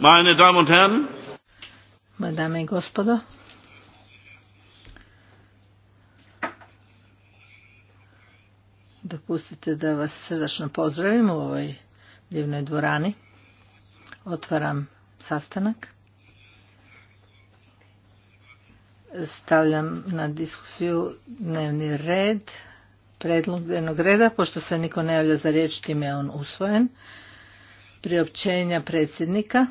Meine dame i gospodo, dopustite da vas srdačno pozdravim u ovoj divnoj dvorani. Otvaram sastanak. Stavljam na diskusiju dnevni red, predlog dnevnog reda, pošto se niko ne javlja za riječ, tim je on usvojen priopćenja predsjednika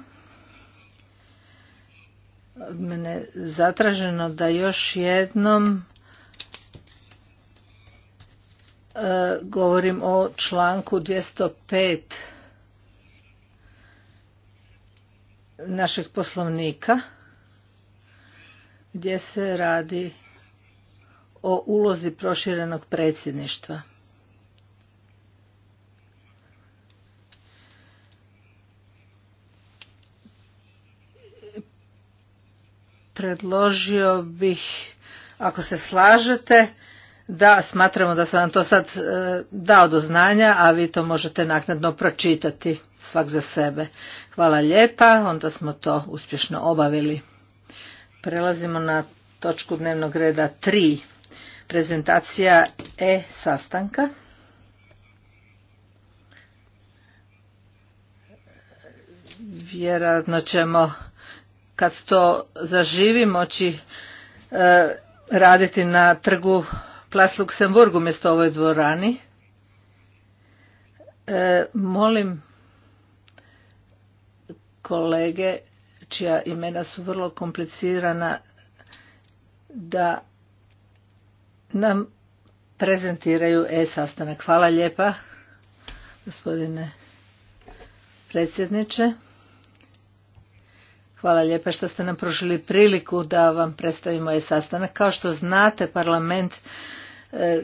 mene zatraženo da još jednom e, govorim o članku 205 našeg poslovnika gdje se radi o ulozi proširenog predsjedništva. predložio bih, ako se slažete, da smatramo da sam vam to sad e, dao do znanja, a vi to možete naknadno pročitati svak za sebe. Hvala lijepa, onda smo to uspješno obavili. Prelazimo na točku dnevnog reda 3. Prezentacija e-sastanka. Vjerojatno ćemo kad to zaživi moći e, raditi na trgu Plas Luksemburgu umjesto ovoj dvorani. E, molim kolege čija imena su vrlo komplicirana da nam prezentiraju e-sastanak. Hvala lijepa gospodine predsjedniče. Hvala lijepa što ste nam pružili priliku da vam predstavimo ovaj sastanak. Kao što znate, parlament e, e,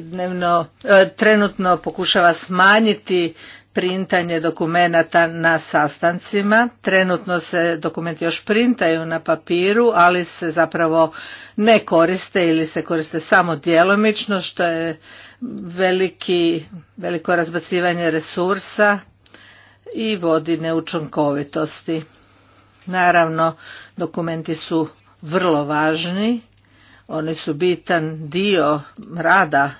dnevno, e, trenutno pokušava smanjiti printanje dokumenata na sastancima. Trenutno se dokumenti još printaju na papiru, ali se zapravo ne koriste ili se koriste samo djelomično, što je veliki, veliko razbacivanje resursa i vodi neučinkovitosti. Naravno, dokumenti su vrlo važni, oni su bitan dio rada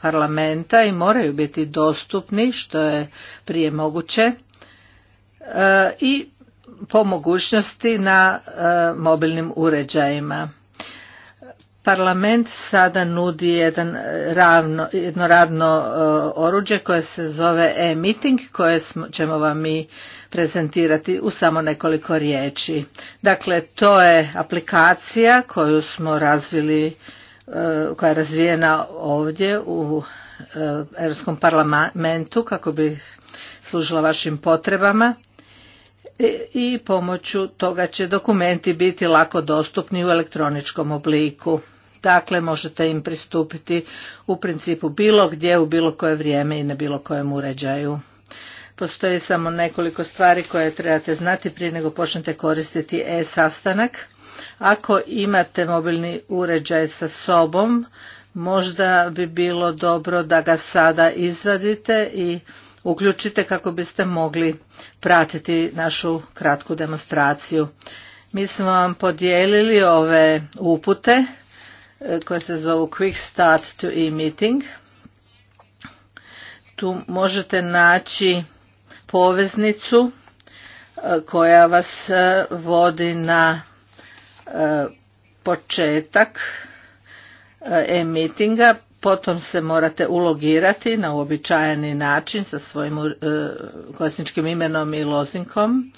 parlamenta i moraju biti dostupni što je prije moguće e, i po mogućnosti na e, mobilnim uređajima parlament sada nudi jedan ravno, jedno radno e, oruđe koje se zove e-meeting koje ćemo vam mi prezentirati u samo nekoliko riječi. Dakle, to je aplikacija koju smo razvili, e, koja je razvijena ovdje u e, Europskom parlamentu kako bi služila vašim potrebama i pomoću toga će dokumenti biti lako dostupni u elektroničkom obliku. Dakle, možete im pristupiti u principu bilo gdje, u bilo koje vrijeme i na bilo kojem uređaju. Postoji samo nekoliko stvari koje trebate znati prije nego počnete koristiti e-sastanak. Ako imate mobilni uređaj sa sobom, možda bi bilo dobro da ga sada izvadite i uključite kako biste mogli pratiti našu kratku demonstraciju. Mi smo vam podijelili ove upute koje se zovu Quick Start to e-meeting. Tu možete naći poveznicu e, koja vas e, vodi na e, početak e-meetinga, potom se morate ulogirati na uobičajeni način sa svojim korisničkim imenom i lozinkom.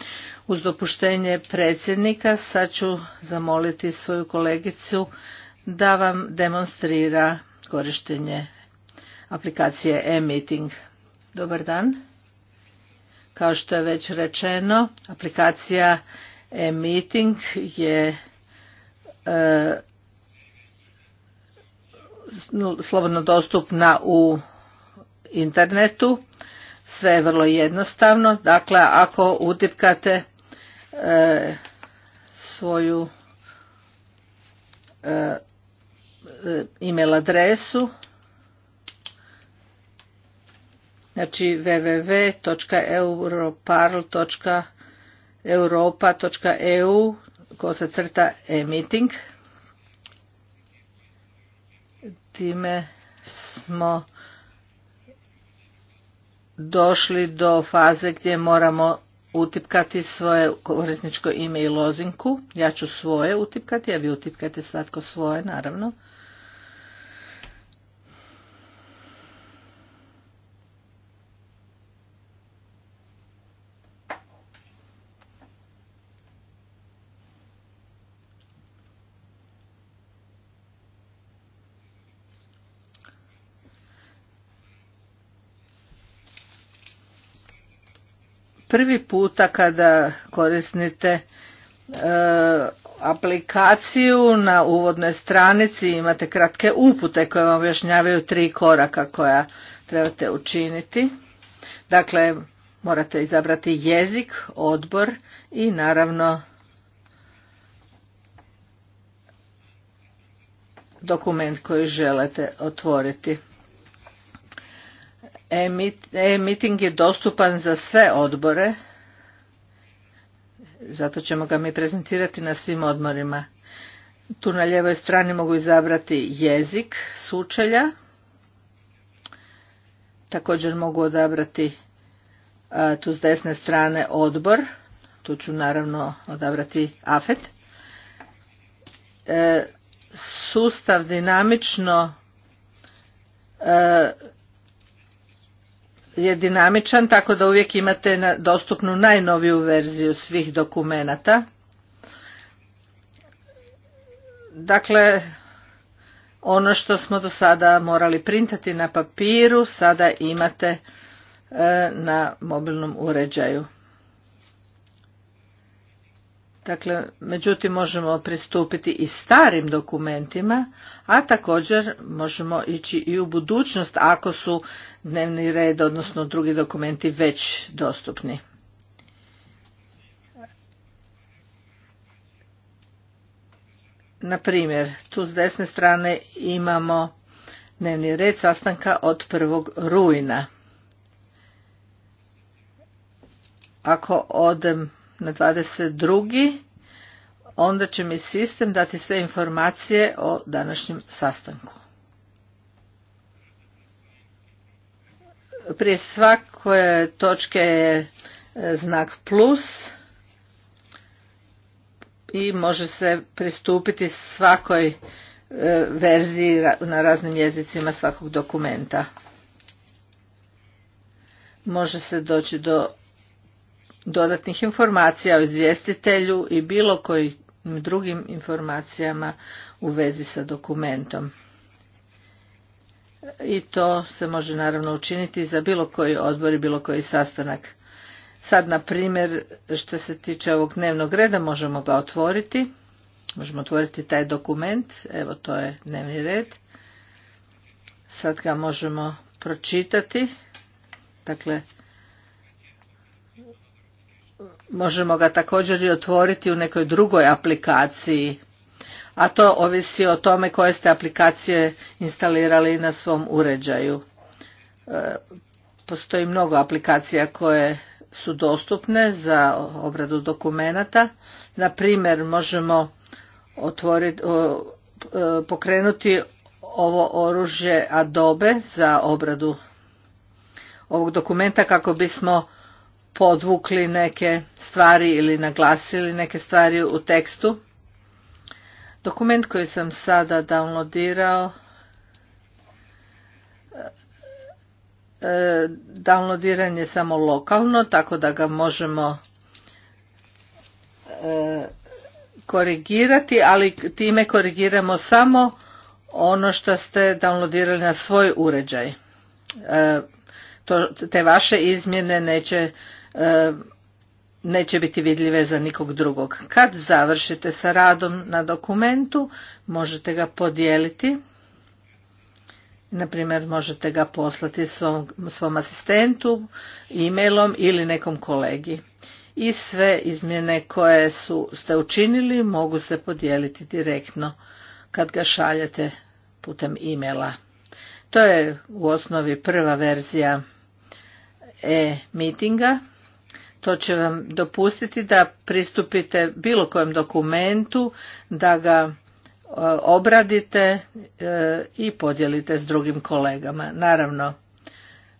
Uz dopuštenje predsjednika sad ću zamoliti svoju kolegicu da vam demonstrira korištenje aplikacije e-meeting. Dobar dan. Kao što je već rečeno, aplikacija e-meeting je e, slobodno dostupna u internetu. Sve je vrlo jednostavno. Dakle, ako utipkate e, svoju e, e adresu znači www.europarl.europa.eu ko se crta e-meeting time smo došli do faze gdje moramo utipkati svoje korisničko ime i lozinku. Ja ću svoje utipkati, a vi utipkate svatko svoje, naravno. prvi puta kada koristite e, aplikaciju na uvodnoj stranici imate kratke upute koje vam objašnjavaju tri koraka koja trebate učiniti. Dakle, morate izabrati jezik, odbor i naravno dokument koji želite otvoriti. E-meeting je dostupan za sve odbore, zato ćemo ga mi prezentirati na svim odmorima. Tu na ljevoj strani mogu izabrati jezik sučelja, također mogu odabrati tu s desne strane odbor, tu ću naravno odabrati AFET. E, sustav dinamično e, je dinamičan tako da uvijek imate dostupnu najnoviju verziju svih dokumenata. Dakle, ono što smo do sada morali printati na papiru, sada imate e, na mobilnom uređaju. Dakle, međutim možemo pristupiti i starim dokumentima, a također možemo ići i u budućnost ako su dnevni red, odnosno drugi dokumenti već dostupni. Na primjer, tu s desne strane imamo dnevni red sastanka od 1. rujna. Ako odem na 22. onda će mi sistem dati sve informacije o današnjem sastanku. Prije svake točke je e, znak plus i može se pristupiti svakoj e, verziji na raznim jezicima svakog dokumenta. Može se doći do dodatnih informacija o izvjestitelju i bilo kojim drugim informacijama u vezi sa dokumentom. I to se može naravno učiniti za bilo koji odbor i bilo koji sastanak. Sad, na primjer, što se tiče ovog dnevnog reda, možemo ga otvoriti. Možemo otvoriti taj dokument. Evo, to je dnevni red. Sad ga možemo pročitati. Dakle, možemo ga također i otvoriti u nekoj drugoj aplikaciji, a to ovisi o tome koje ste aplikacije instalirali na svom uređaju. E, postoji mnogo aplikacija koje su dostupne za obradu dokumenata. Na primjer, možemo otvoriti, e, pokrenuti ovo oružje Adobe za obradu ovog dokumenta kako bismo podvukli neke stvari ili naglasili neke stvari u tekstu. Dokument koji sam sada downloadirao e, downloadiran je samo lokalno, tako da ga možemo e, korigirati, ali time korigiramo samo ono što ste downloadirali na svoj uređaj. E, te vaše izmjene neće E, neće biti vidljive za nikog drugog. Kad završite sa radom na dokumentu, možete ga podijeliti. Naprimjer, možete ga poslati svom, svom asistentu, e-mailom ili nekom kolegi. I sve izmjene koje su, ste učinili mogu se podijeliti direktno kad ga šaljete putem e-maila. To je u osnovi prva verzija e-meetinga to će vam dopustiti da pristupite bilo kojem dokumentu, da ga e, obradite e, i podijelite s drugim kolegama. Naravno,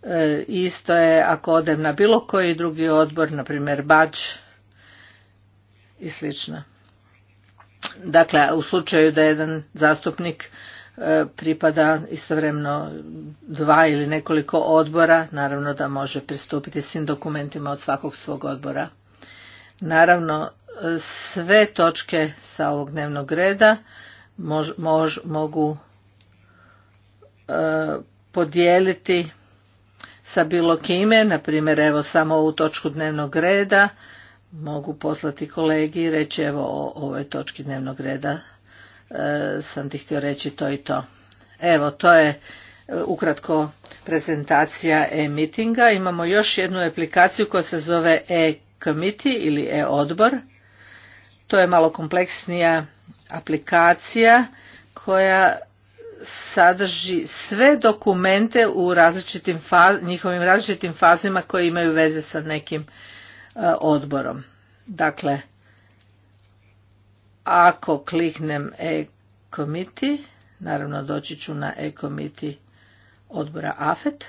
e, isto je ako odem na bilo koji drugi odbor, na primjer bač i slično. Dakle, u slučaju da jedan zastupnik E, pripada istovremeno dva ili nekoliko odbora, naravno da može pristupiti svim dokumentima od svakog svog odbora. Naravno, e, sve točke sa ovog dnevnog reda mogu e, podijeliti sa bilo kime, na primjer evo samo ovu točku dnevnog reda mogu poslati kolegi i reći evo o ovoj točki dnevnog reda E, sam ti htio reći to i to. Evo, to je e, ukratko prezentacija e meetinga Imamo još jednu aplikaciju koja se zove e-committee ili e-odbor. To je malo kompleksnija aplikacija koja sadrži sve dokumente u različitim njihovim različitim fazima koje imaju veze sa nekim e, odborom. Dakle, ako kliknem e komiti naravno doći ću na e komiti odbora AFET.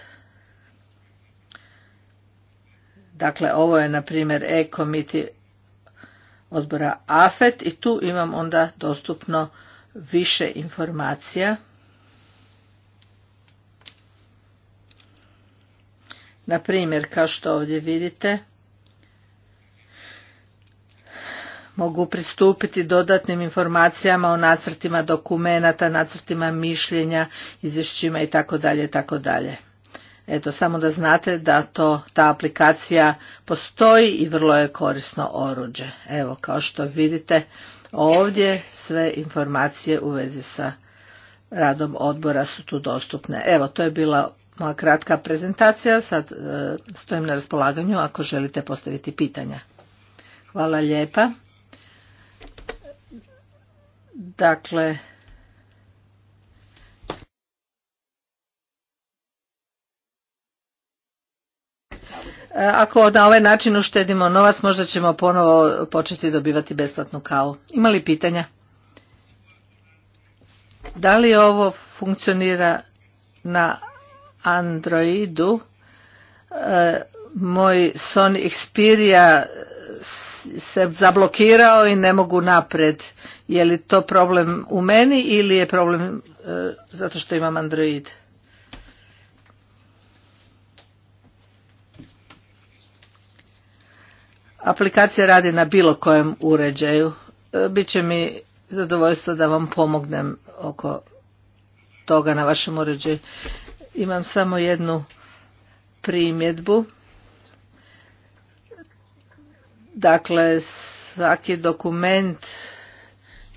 Dakle, ovo je na primjer e komiti odbora AFET i tu imam onda dostupno više informacija. Na primjer, kao što ovdje vidite, mogu pristupiti dodatnim informacijama o nacrtima dokumenata, nacrtima mišljenja, izvješćima tako dalje. Eto, samo da znate da to, ta aplikacija postoji i vrlo je korisno oruđe. Evo, kao što vidite ovdje sve informacije u vezi sa radom odbora su tu dostupne. Evo, to je bila moja kratka prezentacija, sad e, stojim na raspolaganju ako želite postaviti pitanja. Hvala lijepa. Dakle, e, Ako na ovaj način uštedimo novac, možda ćemo ponovo početi dobivati besplatnu kavu. Ima li pitanja? Da li ovo funkcionira na Androidu? E, moj Sony Xperia se zablokirao i ne mogu napred. Je li to problem u meni ili je problem e, zato što imam Android? Aplikacija radi na bilo kojem uređaju. E, Biće mi zadovoljstvo da vam pomognem oko toga na vašem uređaju. Imam samo jednu primjedbu. Dakle, svaki dokument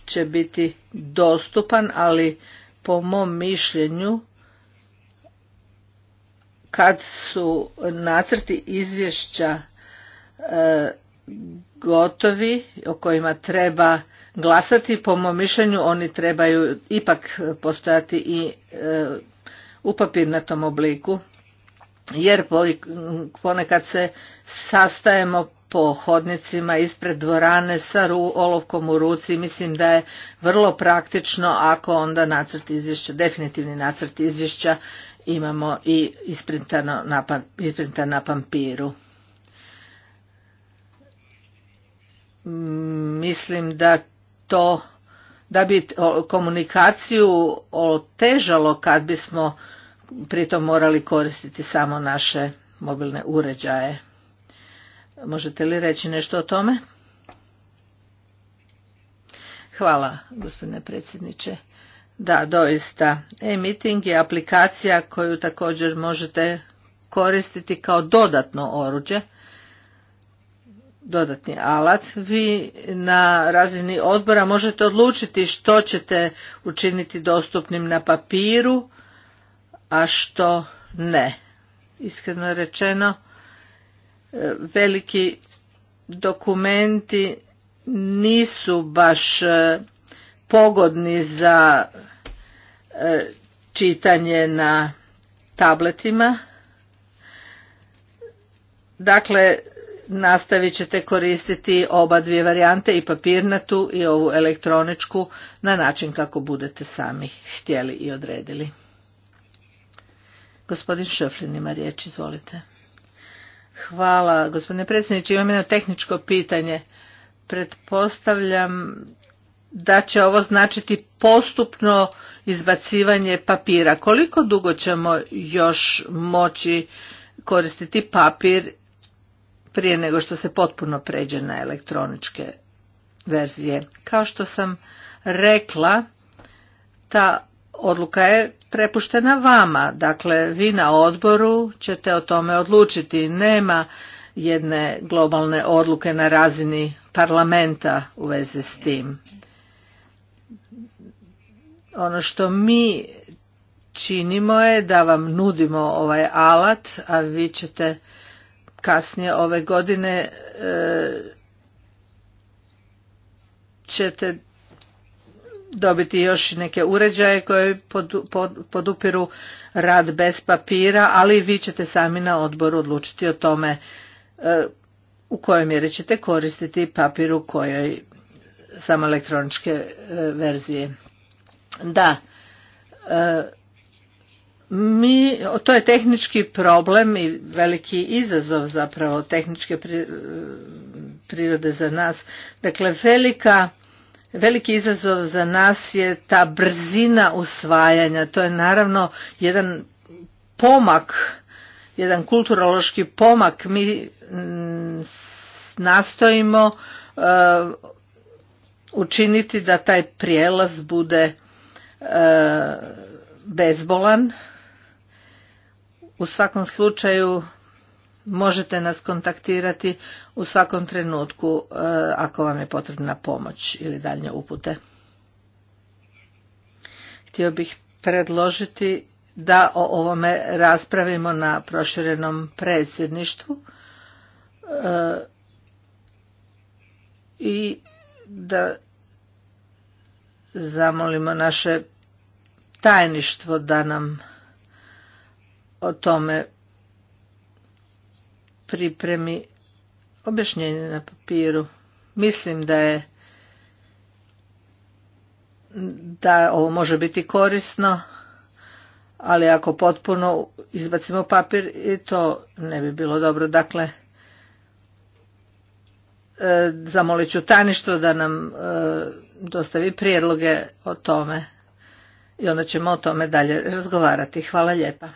će biti dostupan, ali po mom mišljenju kad su nacrti izvješća e, gotovi o kojima treba glasati po mom mišljenju oni trebaju ipak postojati i e, u papirnatom obliku jer ponekad se sastajemo po hodnicima ispred dvorane sa olovkom u ruci. Mislim da je vrlo praktično ako onda nacrt izvješća, definitivni nacrt izvješća imamo i pa, isprintan na pampiru. Mislim da to da bi komunikaciju otežalo kad bismo pritom morali koristiti samo naše mobilne uređaje. Možete li reći nešto o tome? Hvala, gospodine predsjedniče. Da, doista. E-meeting je aplikacija koju također možete koristiti kao dodatno oruđe, dodatni alat. Vi na razini odbora možete odlučiti što ćete učiniti dostupnim na papiru, a što ne. Iskreno rečeno, veliki dokumenti nisu baš e, pogodni za e, čitanje na tabletima. Dakle, nastavit ćete koristiti oba dvije varijante i papirnatu i ovu elektroničku na način kako budete sami htjeli i odredili. Gospodin Šeflin ima riječ, izvolite. Hvala, gospodine predsjedniče. Imam jedno tehničko pitanje. Pretpostavljam da će ovo značiti postupno izbacivanje papira. Koliko dugo ćemo još moći koristiti papir prije nego što se potpuno pređe na elektroničke verzije? Kao što sam rekla, ta odluka je prepuštena vama. Dakle, vi na odboru ćete o tome odlučiti. Nema jedne globalne odluke na razini parlamenta u vezi s tim. Ono što mi činimo je da vam nudimo ovaj alat, a vi ćete kasnije ove godine e, ćete dobiti još neke uređaje koje podupiru rad bez papira, ali vi ćete sami na odboru odlučiti o tome e, u kojoj mjeri ćete koristiti papir u kojoj samo elektroničke e, verzije. Da, e, mi, to je tehnički problem i veliki izazov zapravo tehničke prirode za nas. Dakle, velika Veliki izazov za nas je ta brzina usvajanja. To je naravno jedan pomak, jedan kulturološki pomak. Mi mm, nastojimo eh, učiniti da taj prijelaz bude eh, bezbolan. U svakom slučaju možete nas kontaktirati u svakom trenutku e, ako vam je potrebna pomoć ili daljnje upute. Htio bih predložiti da o ovome raspravimo na proširenom predsjedništvu e, i da zamolimo naše tajništvo da nam o tome pripremi objašnjenje na papiru. Mislim da je da ovo može biti korisno, ali ako potpuno izbacimo papir i to ne bi bilo dobro. Dakle, e, zamolit ću tajništvo da nam e, dostavi prijedloge o tome i onda ćemo o tome dalje razgovarati. Hvala lijepa.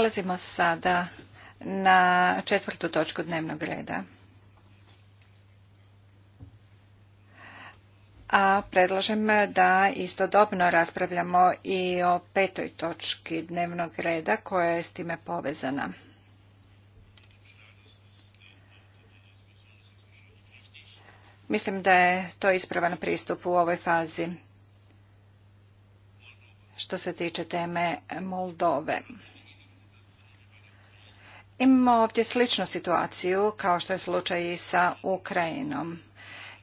Prelazimo sada na četvrtu točku dnevnog reda. A predlažem da istodobno raspravljamo i o petoj točki dnevnog reda koja je s time povezana. Mislim da je to ispravan pristup u ovoj fazi što se tiče teme Moldove. Imamo ovdje sličnu situaciju kao što je slučaj i sa Ukrajinom,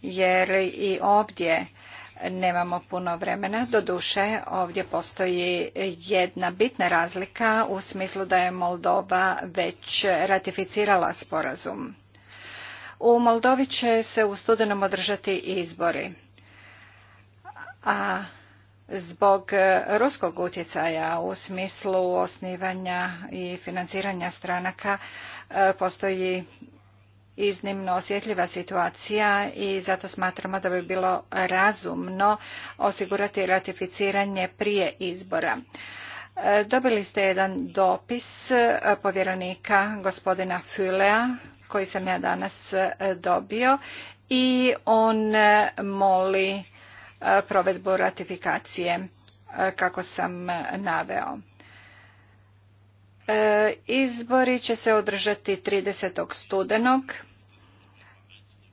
jer i ovdje nemamo puno vremena. Doduše, ovdje postoji jedna bitna razlika u smislu da je Moldova već ratificirala sporazum. U Moldovi će se u studenom održati izbori, a zbog e, ruskog utjecaja u smislu osnivanja i financiranja stranaka e, postoji iznimno osjetljiva situacija i zato smatramo da bi bilo razumno osigurati ratificiranje prije izbora. E, dobili ste jedan dopis povjerenika gospodina Fulea koji sam ja danas dobio i on moli E, provedbu ratifikacije e, kako sam naveo. E, izbori će se održati 30. studenog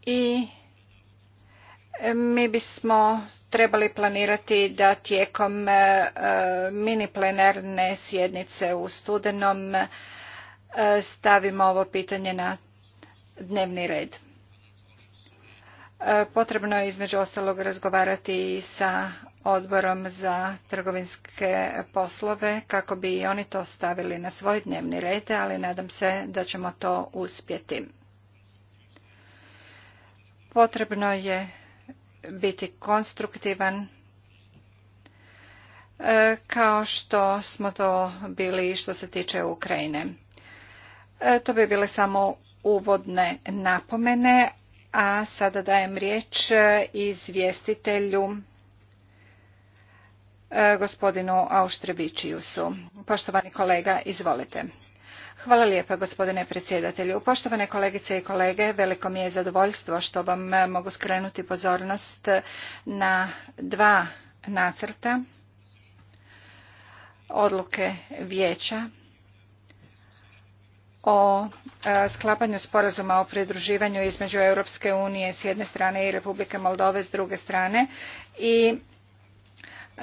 i mi bismo trebali planirati da tijekom mini plenarne sjednice u studenom stavimo ovo pitanje na dnevni red. Potrebno je između ostalog razgovarati i sa odborom za trgovinske poslove kako bi i oni to stavili na svoj dnevni red, ali nadam se da ćemo to uspjeti. Potrebno je biti konstruktivan e, kao što smo to bili što se tiče Ukrajine. E, to bi bile samo uvodne napomene, a sada dajem riječ e, izvjestitelju e, gospodinu Auštrebičijusu. Poštovani kolega, izvolite. Hvala lijepa gospodine predsjedatelju. Poštovane kolegice i kolege, veliko mi je zadovoljstvo što vam e, mogu skrenuti pozornost na dva nacrta odluke vijeća o e, sklapanju sporazuma o pridruživanju između Europske unije s jedne strane i Republike Moldove s druge strane i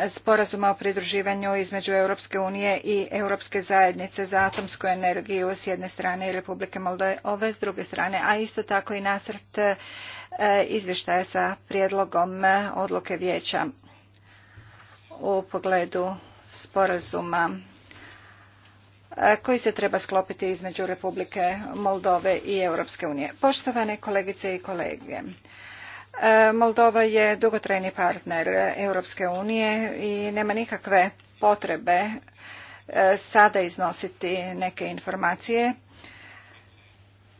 sporazuma o pridruživanju između Europske unije i Europske zajednice za atomsku energiju s jedne strane i Republike Moldove s druge strane, a isto tako i nacrt e, izvještaja sa prijedlogom e, odluke vijeća u pogledu sporazuma E, koji se treba sklopiti između Republike Moldove i Europske unije. Poštovane kolegice i kolege, e, Moldova je dugotrajni partner Europske unije i nema nikakve potrebe e, sada iznositi neke informacije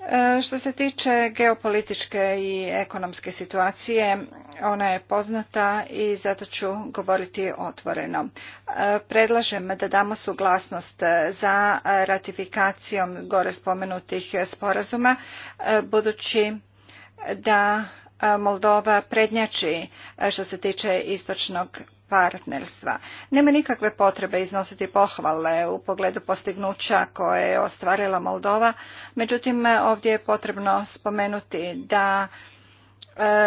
E, što se tiče geopolitičke i ekonomske situacije, ona je poznata i zato ću govoriti otvoreno. E, predlažem da damo suglasnost za ratifikacijom gore spomenutih sporazuma, e, budući da Moldova prednjači što se tiče istočnog partnerstva. Nema nikakve potrebe iznositi pohvale u pogledu postignuća koje je ostvarila Moldova, međutim ovdje je potrebno spomenuti da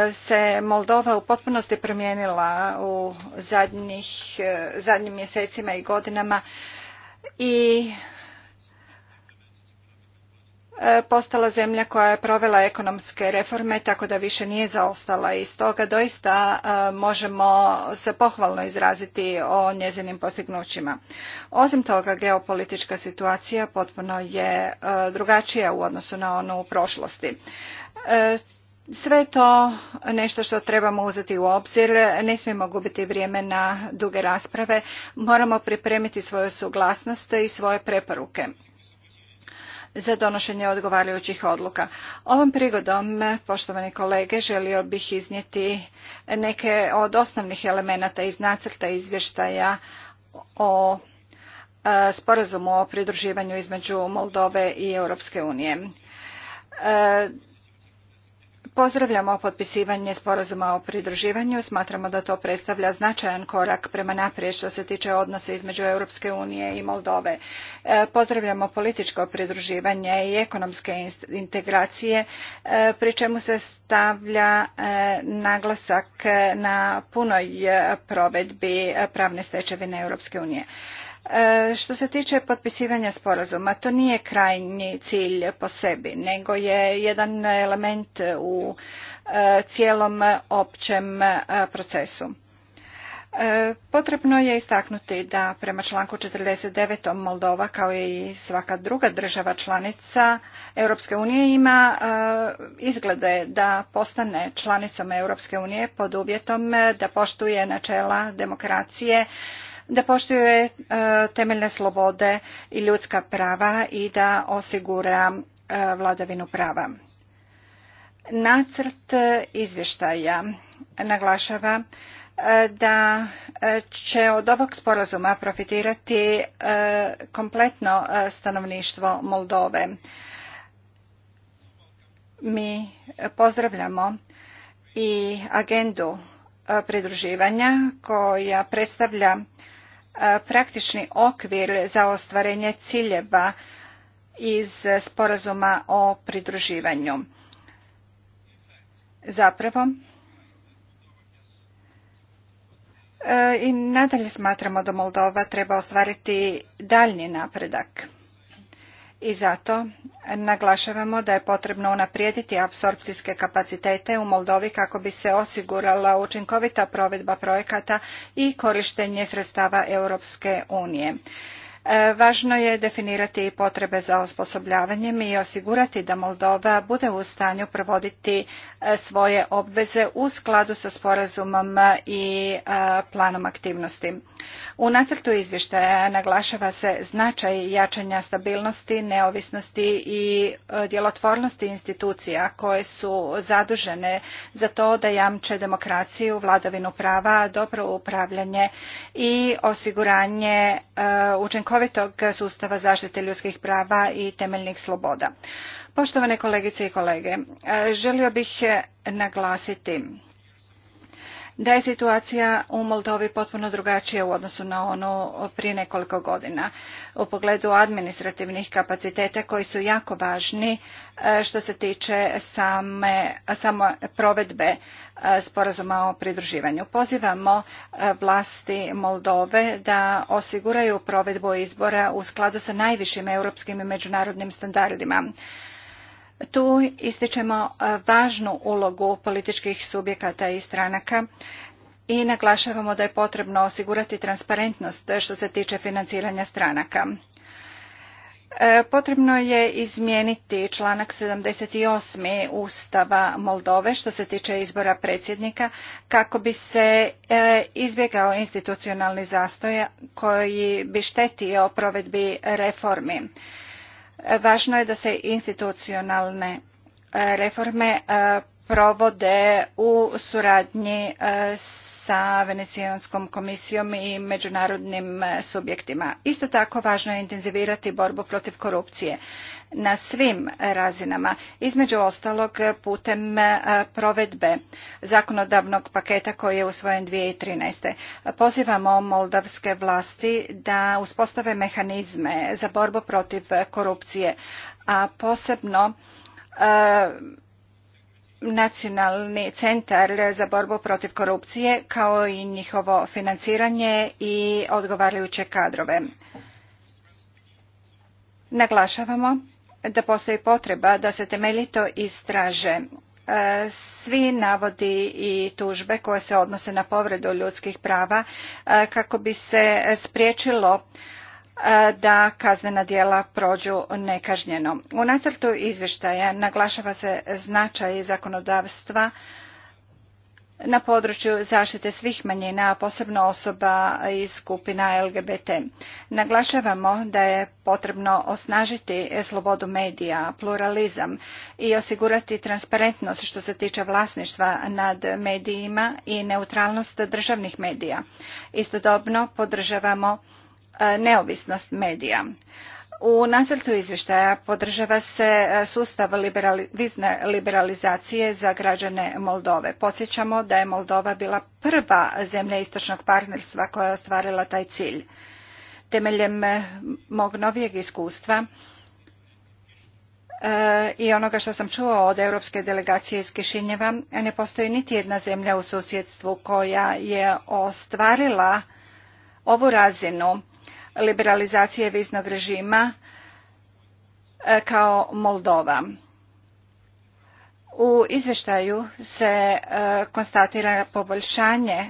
e, se Moldova u potpunosti promijenila u e, zadnjim mjesecima i godinama i E, postala zemlja koja je provela ekonomske reforme tako da više nije zaostala i stoga doista e, možemo se pohvalno izraziti o njezinim postignućima. Osim toga geopolitička situacija potpuno je e, drugačija u odnosu na onu u prošlosti. Sve je to nešto što trebamo uzeti u obzir, ne smijemo gubiti vrijeme na duge rasprave, moramo pripremiti svoju suglasnost i svoje preporuke za donošenje odgovarajućih odluka. Ovom prigodom, poštovani kolege, želio bih iznijeti neke od osnovnih elemenata iz nacrta izvještaja o e, sporazumu o pridruživanju između Moldove i Europske unije. E, Pozdravljamo potpisivanje sporazuma o pridruživanju. Smatramo da to predstavlja značajan korak prema naprijed što se tiče odnosa između Europske unije i Moldove. E, pozdravljamo političko pridruživanje i ekonomske integracije, e, pri čemu se stavlja e, naglasak na punoj provedbi pravne stečevine Europske unije. E, što se tiče potpisivanja sporazuma, to nije krajnji cilj po sebi, nego je jedan element u e, cijelom općem e, procesu. Potrebno je istaknuti da prema članku 49. Moldova kao i svaka druga država članica Europske unije ima izglede da postane članicom Europske unije pod uvjetom da poštuje načela demokracije, da poštuje e, temeljne slobode i ljudska prava i da osigura e, vladavinu prava. Nacrt e, izvještaja naglašava da će od ovog sporazuma profitirati kompletno stanovništvo Moldove. Mi pozdravljamo i agendu pridruživanja koja predstavlja praktični okvir za ostvarenje ciljeva iz sporazuma o pridruživanju. Zapravo, e, i nadalje smatramo da Moldova treba ostvariti daljnji napredak i zato naglašavamo da je potrebno unaprijediti apsorpcijske kapacitete u Moldovi kako bi se osigurala učinkovita provedba projekata i korištenje sredstava Europske unije. E, važno je definirati potrebe za osposobljavanjem i osigurati da Moldova bude u stanju provoditi e, svoje obveze u skladu sa sporazumom i e, planom aktivnosti. U nacrtu izvještaja naglašava se značaj jačanja stabilnosti, neovisnosti i djelotvornosti institucija koje su zadužene za to da jamče demokraciju, vladavinu prava, dobro upravljanje i osiguranje učinkovitosti učinkovitog sustava zaštite ljudskih prava i temeljnih sloboda. Poštovane kolegice i kolege, e, želio bih e, naglasiti da je situacija u Moldovi potpuno drugačija u odnosu na onu prije nekoliko godina u pogledu administrativnih kapaciteta koji su jako važni e, što se tiče same, same provedbe e, sporazuma o pridruživanju. Pozivamo e, vlasti Moldove da osiguraju provedbu izbora u skladu sa najvišim europskim i međunarodnim standardima. Tu ističemo e, važnu ulogu političkih subjekata i stranaka i naglašavamo da je potrebno osigurati transparentnost što se tiče financiranja stranaka. E, potrebno je izmijeniti članak 78. Ustava Moldove što se tiče izbora predsjednika kako bi se e, izbjegao institucionalni zastoj koji bi štetio provedbi reformi. Važno je da se institucionalne eh, reforme eh, provode u suradnji e, sa Venecijanskom komisijom i međunarodnim e, subjektima. Isto tako važno je intenzivirati borbu protiv korupcije na svim razinama, između ostalog putem e, provedbe zakonodavnog paketa koji je usvojen 2013. Pozivamo moldavske vlasti da uspostave mehanizme za borbu protiv korupcije, a posebno Nacionalni centar za borbu protiv korupcije kao i njihovo financiranje i odgovarajuće kadrove. Naglašavamo da postoji potreba da se temeljito istraže e, svi navodi i tužbe koje se odnose na povredu ljudskih prava e, kako bi se spriječilo E, da kaznena djela prođu nekažnjeno. U nacrtu izvještaja naglašava se značaj zakonodavstva na području zaštite svih manjina, a posebno osoba iz skupina LGBT. Naglašavamo da je potrebno osnažiti slobodu medija, pluralizam i osigurati transparentnost što se tiče vlasništva nad medijima i neutralnost državnih medija. Istodobno podržavamo E, neovisnost medija. U nacrtu izvještaja podržava se e, sustav vizne liberalizacije za građane Moldove. Podsjećamo da je Moldova bila prva zemlja istočnog partnerstva koja je ostvarila taj cilj. Temeljem e, mog novijeg iskustva i onoga što sam čuo od europske delegacije iz Kišinjeva, ne postoji niti jedna zemlja u susjedstvu koja je ostvarila ovu razinu liberalizacije viznog režima e, kao Moldova u izvještaju se e, konstatira poboljšanje e,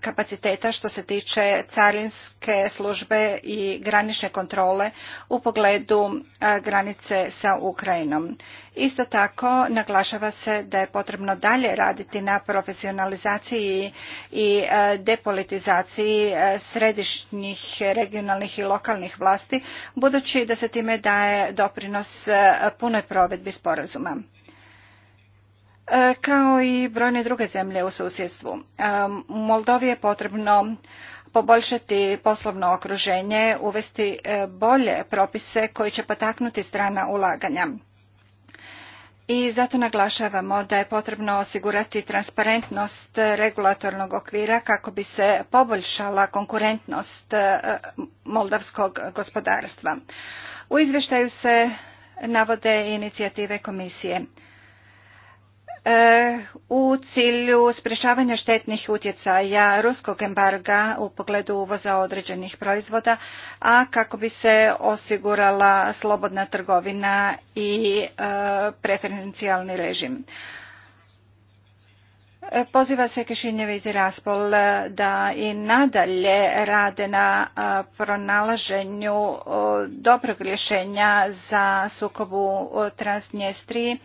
kapaciteta što se tiče carinske službe i granične kontrole u pogledu e, granice sa Ukrajinom. Isto tako naglašava se da je potrebno dalje raditi na profesionalizaciji i depolitizaciji središnjih regionalnih i lokalnih vlasti budući da se time daje doprinos punoj provedbi sporazuma. E, kao i brojne druge zemlje u susjedstvu. E, Moldovi je potrebno poboljšati poslovno okruženje, uvesti e, bolje propise koji će potaknuti strana ulaganja. I zato naglašavamo da je potrebno osigurati transparentnost regulatornog okvira kako bi se poboljšala konkurentnost moldavskog gospodarstva. U izvještaju se navode inicijative komisije u cilju sprječavanja štetnih utjecaja ruskog embarga u pogledu uvoza određenih proizvoda, a kako bi se osigurala slobodna trgovina i e, preferencijalni režim. Poziva se Kešinjević i Raspol da i nadalje rade na e, pronalaženju e, dobrog rješenja za sukobu Transnjestriji,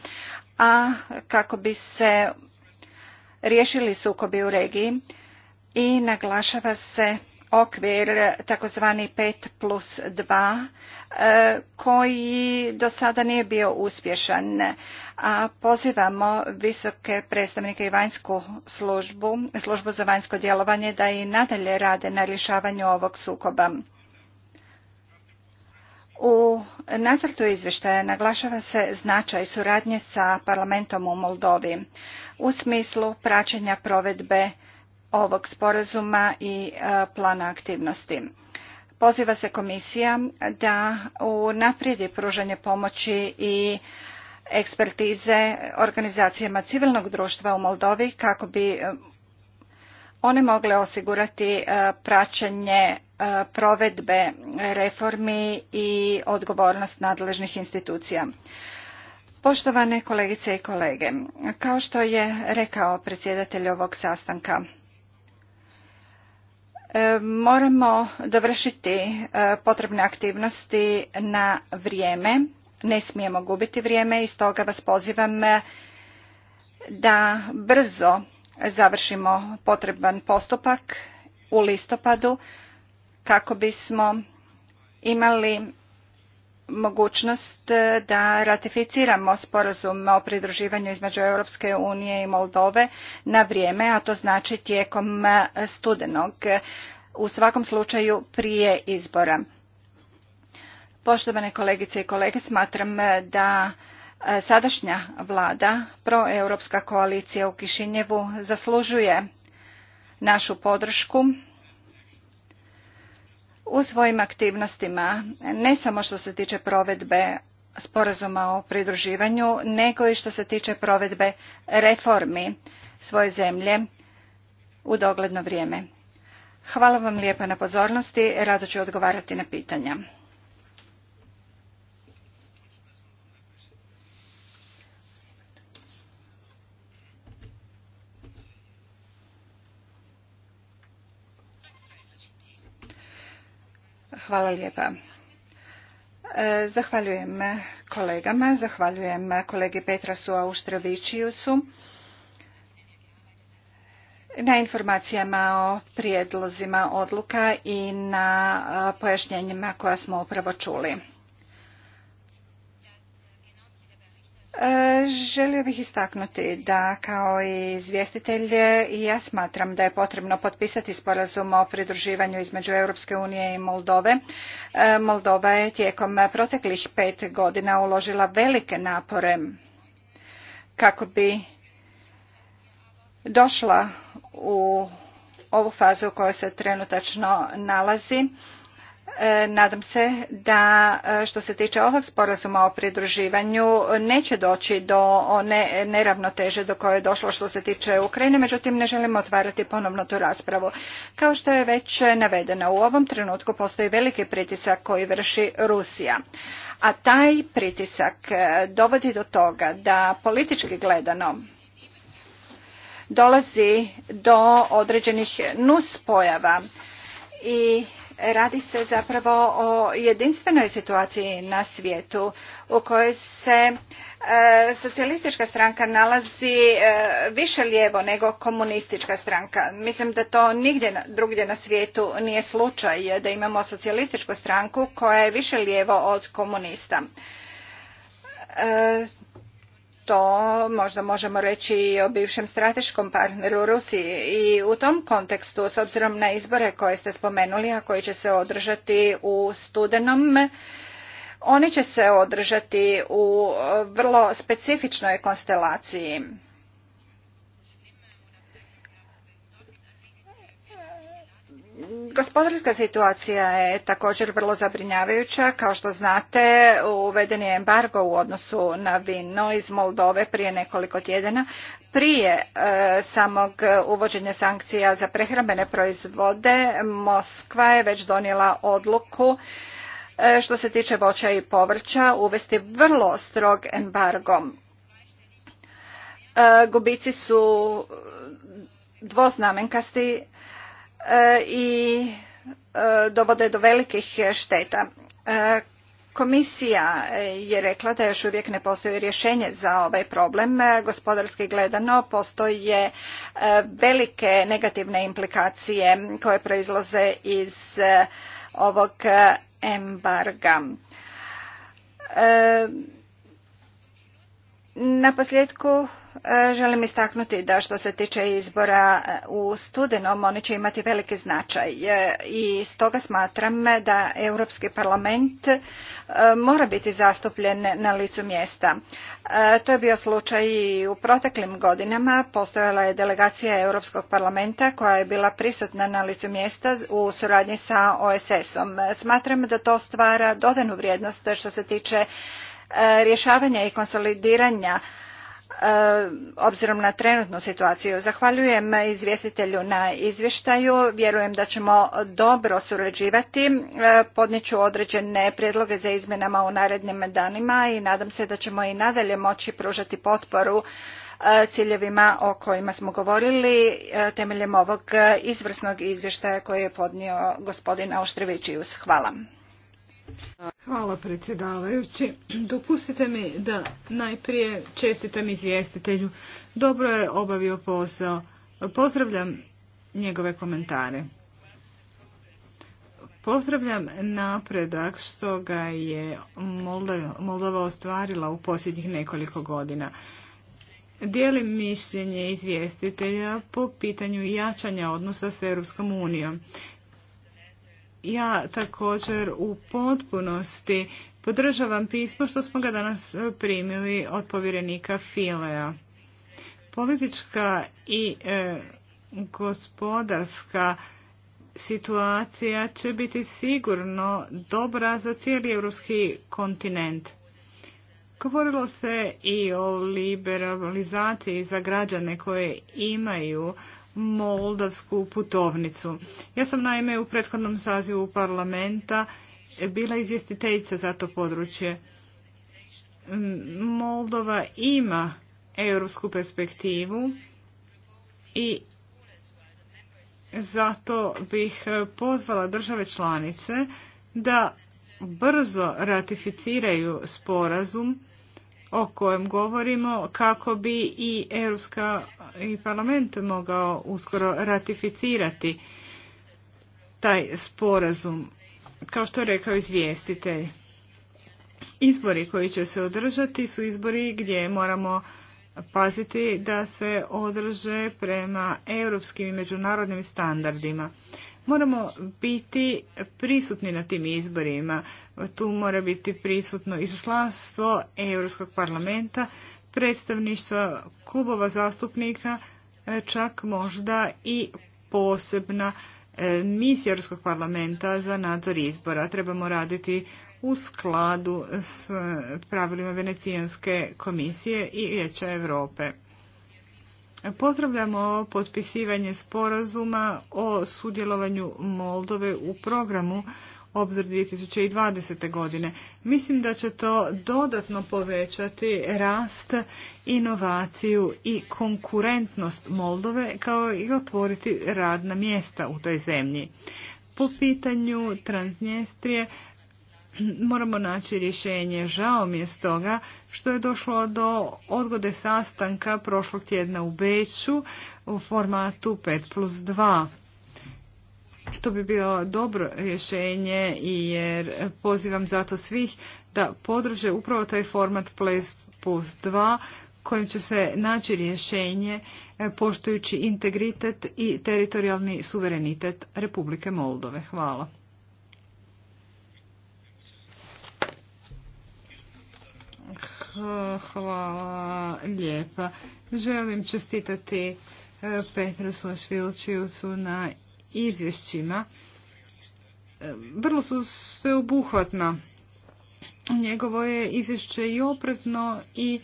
a kako bi se riješili sukobi u regiji i naglašava se okvir takozvani 5 plus 2 e, koji do sada nije bio uspješan. A pozivamo visoke predstavnike i vanjsku službu, službu za vanjsko djelovanje da i nadalje rade na rješavanju ovog sukoba. U nacrtu izvještaja naglašava se značaj suradnje sa parlamentom u Moldovi u smislu praćenja provedbe ovog sporazuma i e, plana aktivnosti. Poziva se komisija da unaprijedi pružanje pomoći i ekspertize organizacijama civilnog društva u Moldovi kako bi e, one mogle osigurati e, praćenje E, provedbe reformi i odgovornost nadležnih institucija. Poštovane kolegice i kolege, kao što je rekao predsjedatelj ovog sastanka, e, moramo dovršiti e, potrebne aktivnosti na vrijeme. Ne smijemo gubiti vrijeme i stoga vas pozivam da brzo završimo potreban postupak u listopadu kako bismo imali mogućnost e, da ratificiramo sporazum o pridruživanju između Europske unije i Moldove na vrijeme, a to znači tijekom e, studenog, e, u svakom slučaju prije izbora. Poštovane kolegice i kolege, smatram da sadašnja vlada, proeuropska koalicija u Kišinjevu, zaslužuje našu podršku u svojim aktivnostima, ne samo što se tiče provedbe sporazuma o pridruživanju, nego i što se tiče provedbe reformi svoje zemlje u dogledno vrijeme. Hvala vam lijepa na pozornosti, rado ću odgovarati na pitanja. Hvala lijepa. E, zahvaljujem kolegama, zahvaljujem kolegi Petrasu auštrevičiusu na informacijama o prijedlozima odluka i na pojašnjenjima koja smo upravo čuli. Želio bih istaknuti da kao i izvjestitelj ja smatram da je potrebno potpisati sporazum o pridruživanju između Europske unije i Moldove. E, Moldova je tijekom proteklih pet godina uložila velike napore kako bi došla u ovu fazu u kojoj se trenutačno nalazi E, nadam se da e, što se tiče ovog sporazuma o pridruživanju neće doći do one neravnoteže do koje je došlo što se tiče Ukrajine, međutim ne želim otvarati ponovno tu raspravu. Kao što je već navedeno, u ovom trenutku postoji veliki pritisak koji vrši Rusija. A taj pritisak e, dovodi do toga da politički gledano dolazi do određenih nuspojava i Radi se zapravo o jedinstvenoj situaciji na svijetu u kojoj se e, socijalistička stranka nalazi e, više lijevo nego komunistička stranka. Mislim da to nigdje drugdje na svijetu nije slučaj da imamo socijalističku stranku koja je više lijevo od komunista. E, to možda možemo reći i o bivšem strateškom partneru Rusiji. I u tom kontekstu, s obzirom na izbore koje ste spomenuli, a koji će se održati u studenom, oni će se održati u vrlo specifičnoj konstelaciji. Gospodarska situacija je također vrlo zabrinjavajuća. Kao što znate, uveden je embargo u odnosu na vino iz Moldove prije nekoliko tjedana. Prije e, samog uvođenja sankcija za prehrambene proizvode, Moskva je već donijela odluku e, što se tiče voća i povrća uvesti vrlo strog embargo. E, gubici su dvoznamenkasti E, i e, dovode do velikih šteta. E, komisija je rekla da još uvijek ne postoji rješenje za ovaj problem. Gospodarski gledano postoje velike negativne implikacije koje proizlaze iz ovog embarga. Na posljedku e, želim istaknuti da što se tiče izbora e, u studenom oni će imati veliki značaj e, i stoga smatram da Europski parlament mora biti zastupljen na licu mjesta. To je bio slučaj i u proteklim godinama. Postojala je delegacija Europskog parlamenta koja je bila prisutna na licu mjesta u suradnji sa OSS-om. Smatram da to stvara dodanu vrijednost što se tiče E, rješavanja i konsolidiranja e, obzirom na trenutnu situaciju. Zahvaljujem izvjestitelju na izvještaju. Vjerujem da ćemo dobro surađivati. E, ću određene prijedloge za izmjenama u narednim danima i nadam se da ćemo i nadalje moći pružati potporu ciljevima o kojima smo govorili temeljem ovog izvrsnog izvještaja koje je podnio gospodin Auštrevičius. Hvala. Hvala predsjedavajući. Dopustite mi da najprije čestitam izvjestitelju. Dobro je obavio posao. Pozdravljam njegove komentare. Pozdravljam napredak što ga je Moldova ostvarila u posljednjih nekoliko godina. Dijelim mišljenje izvjestitelja po pitanju jačanja odnosa s Europskom unijom ja također u potpunosti podržavam pismo što smo ga danas e, primili od povjerenika Filea. Politička i e, gospodarska situacija će biti sigurno dobra za cijeli europski kontinent. Govorilo se i o liberalizaciji za građane koje imaju moldavsku putovnicu. Ja sam naime u prethodnom sazivu parlamenta bila izvjestiteljica za to područje. Moldova ima europsku perspektivu i zato bih pozvala države članice da brzo ratificiraju sporazum o kojem govorimo kako bi i Europska i parlament mogao uskoro ratificirati taj sporazum. Kao što je rekao izvjestitelj, izbori koji će se održati su izbori gdje moramo paziti da se održe prema europskim i međunarodnim standardima. Moramo biti prisutni na tim izborima. Tu mora biti prisutno izoslanstvo Europskog parlamenta, predstavništva klubova zastupnika, čak možda i posebna e, misija Europskog parlamenta za nadzor izbora. Trebamo raditi u skladu s pravilima Venecijanske komisije i Vijeća Europe. Pozdravljamo potpisivanje sporazuma o sudjelovanju Moldove u programu obzor 2020. godine. Mislim da će to dodatno povećati rast, inovaciju i konkurentnost Moldove kao i otvoriti radna mjesta u toj zemlji. Po pitanju Transnjestrije moramo naći rješenje. Žao mi je stoga što je došlo do odgode sastanka prošlog tjedna u Beću u formatu 5 plus 2. To bi bilo dobro rješenje jer pozivam zato svih da podrže upravo taj format plus 2 kojim će se naći rješenje e, poštujući integritet i teritorijalni suverenitet Republike Moldove. Hvala. Hvala lijepa. Želim čestitati e, Petra Slašvilčijucu na izvješćima. E, vrlo su sveobuhvatna. Njegovo je izvješće i oprezno i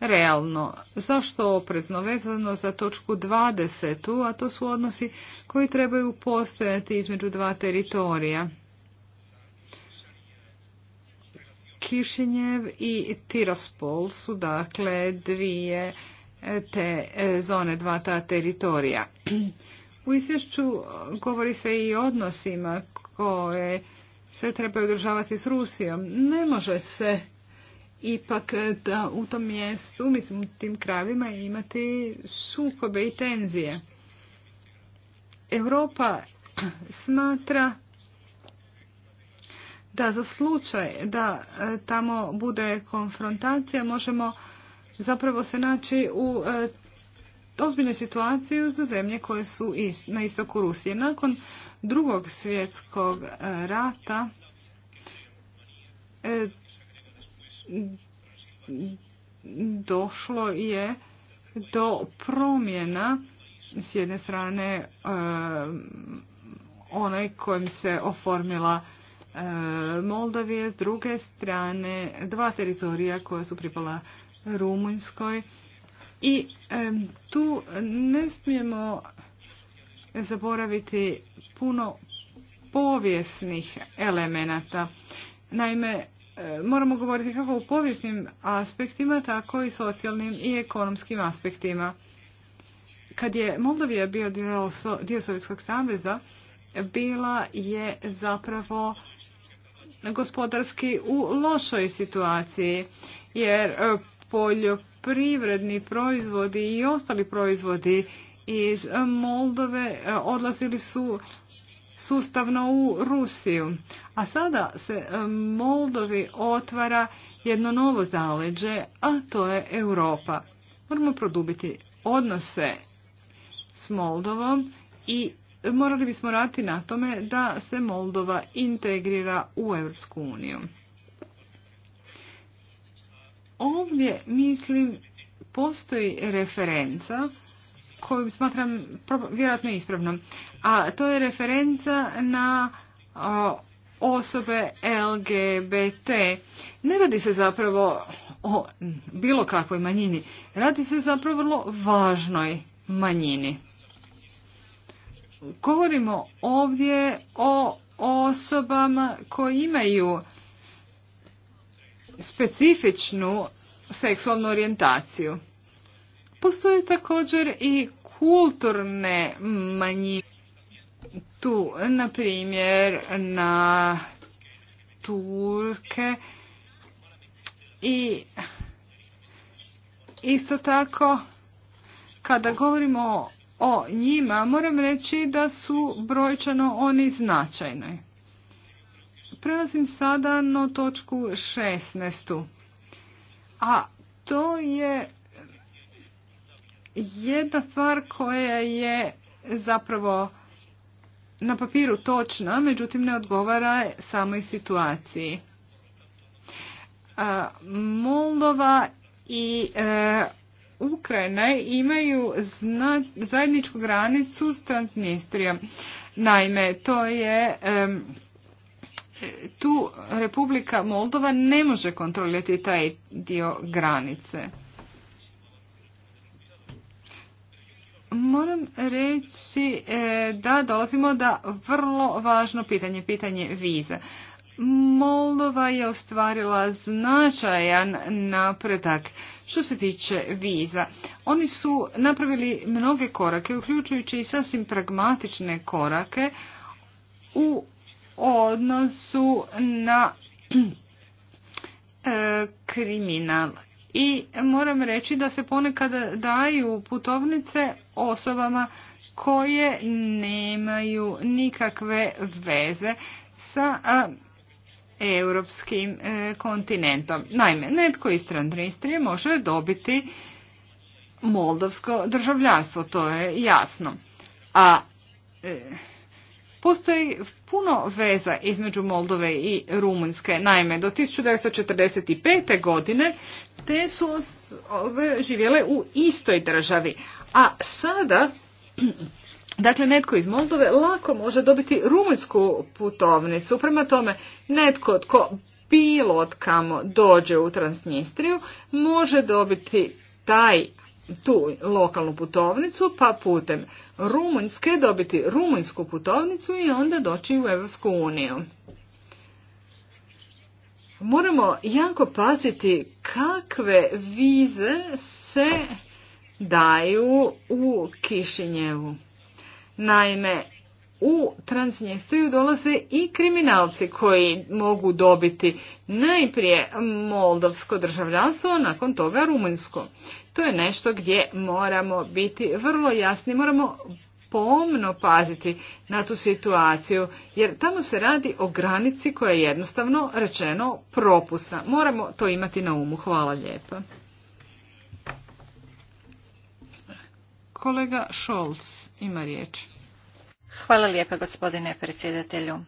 realno. Zašto oprezno? Vezano za točku 20, a to su odnosi koji trebaju postojati između dva teritorija. Kišinjev i Tiraspol su dakle dvije e, te e, zone, dva ta teritorija. U izvješću govori se i o odnosima koje se trebaju održavati s Rusijom. Ne može se ipak e, da u tom mjestu, mislim u tim kravima, imati sukobe i tenzije. Europa smatra da za slučaj da e, tamo bude konfrontacija možemo zapravo se naći u e, ozbiljnoj situaciji za zemlje koje su na istoku Rusije. Nakon drugog svjetskog e, rata došlo je do promjena s jedne strane onaj kojim se oformila E, Moldavije, s druge strane dva teritorija koja su pripala Rumunjskoj. I e, tu ne smijemo zaboraviti puno povijesnih elemenata. Naime, e, moramo govoriti kako u povijesnim aspektima, tako i socijalnim i ekonomskim aspektima. Kad je Moldavija bio dio Sovjetskog saveza, bila je zapravo gospodarski u lošoj situaciji jer e, poljoprivredni proizvodi i ostali proizvodi iz Moldove e, odlazili su sustavno u Rusiju. A sada se e, Moldovi otvara jedno novo zaleđe, a to je Europa. Moramo produbiti odnose s Moldovom i morali bismo raditi na tome da se Moldova integrira u Europsku uniju. Ovdje, mislim, postoji referenca koju smatram vjerojatno ispravnom, a to je referenca na osobe LGBT. Ne radi se zapravo o bilo kakvoj manjini, radi se zapravo o važnoj manjini govorimo ovdje o osobama koje imaju specifičnu seksualnu orijentaciju. Postoje također i kulturne manjine. Tu, na primjer, na Turke i isto tako kada govorimo o njima moram reći da su brojčano oni značajni. Prelazim sada na točku 16. A to je jedna stvar koja je zapravo na papiru točna, međutim ne odgovara samoj situaciji. E, Moldova i e, Ukrajine imaju zajedničku granicu s Transnistrijom. Naime, to je tu Republika Moldova ne može kontrolirati taj dio granice. Moram reći e, da dolazimo da vrlo važno pitanje, pitanje vize. Moldova je ostvarila značajan napredak što se tiče viza, oni su napravili mnoge korake, uključujući i sasvim pragmatične korake u odnosu na e, kriminal. I moram reći da se ponekad daju putovnice osobama koje nemaju nikakve veze sa europskim e, kontinentom. Naime, netko iz Transnistrije može dobiti moldovsko državljanstvo, to je jasno. A e, Postoji puno veza između Moldove i Rumunjske. Naime, do 1945. godine te su živjele u istoj državi. A sada Dakle, netko iz Moldove lako može dobiti rumunjsku putovnicu. Prema tome, netko tko pilot kamo dođe u Transnistriju može dobiti taj tu lokalnu putovnicu, pa putem Rumunjske dobiti rumunjsku putovnicu i onda doći u Europsku uniju. Moramo jako paziti kakve vize se daju u Kišinjevu. Naime, u Transnjestriju dolaze i kriminalci koji mogu dobiti najprije moldavsko državljanstvo, a nakon toga rumunjsko. To je nešto gdje moramo biti vrlo jasni, moramo pomno paziti na tu situaciju, jer tamo se radi o granici koja je jednostavno rečeno propusna. Moramo to imati na umu. Hvala lijepa. Kolega Scholz ima riječ. Hvala lijepa gospodine predsjedatelju.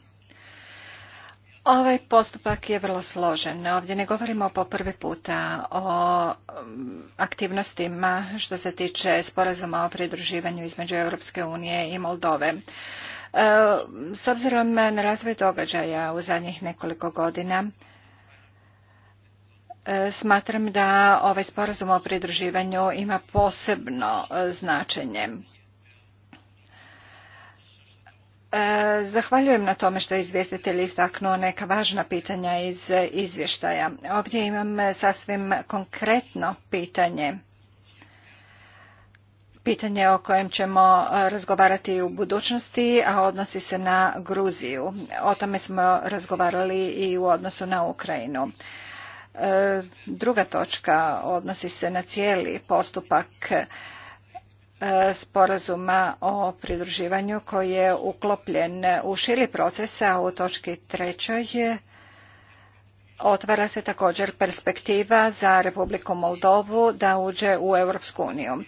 Ovaj postupak je vrlo složen. Ovdje ne govorimo po prvi puta o mm, aktivnostima što se tiče sporazuma o pridruživanju između Europske unije i Moldove. E, s obzirom na razvoj događaja u zadnjih nekoliko godina, E, smatram da ovaj sporazum o pridruživanju ima posebno e, značenje. E, zahvaljujem na tome što je izvjestitelj istaknuo neka važna pitanja iz izvještaja. Ovdje imam sasvim konkretno pitanje. Pitanje o kojem ćemo razgovarati u budućnosti, a odnosi se na Gruziju. O tome smo razgovarali i u odnosu na Ukrajinu. E, druga točka odnosi se na cijeli postupak e, sporazuma o pridruživanju koji je uklopljen u širi proces, a u točki trećoj je otvara se također perspektiva za Republiku Moldovu da uđe u Europsku uniju.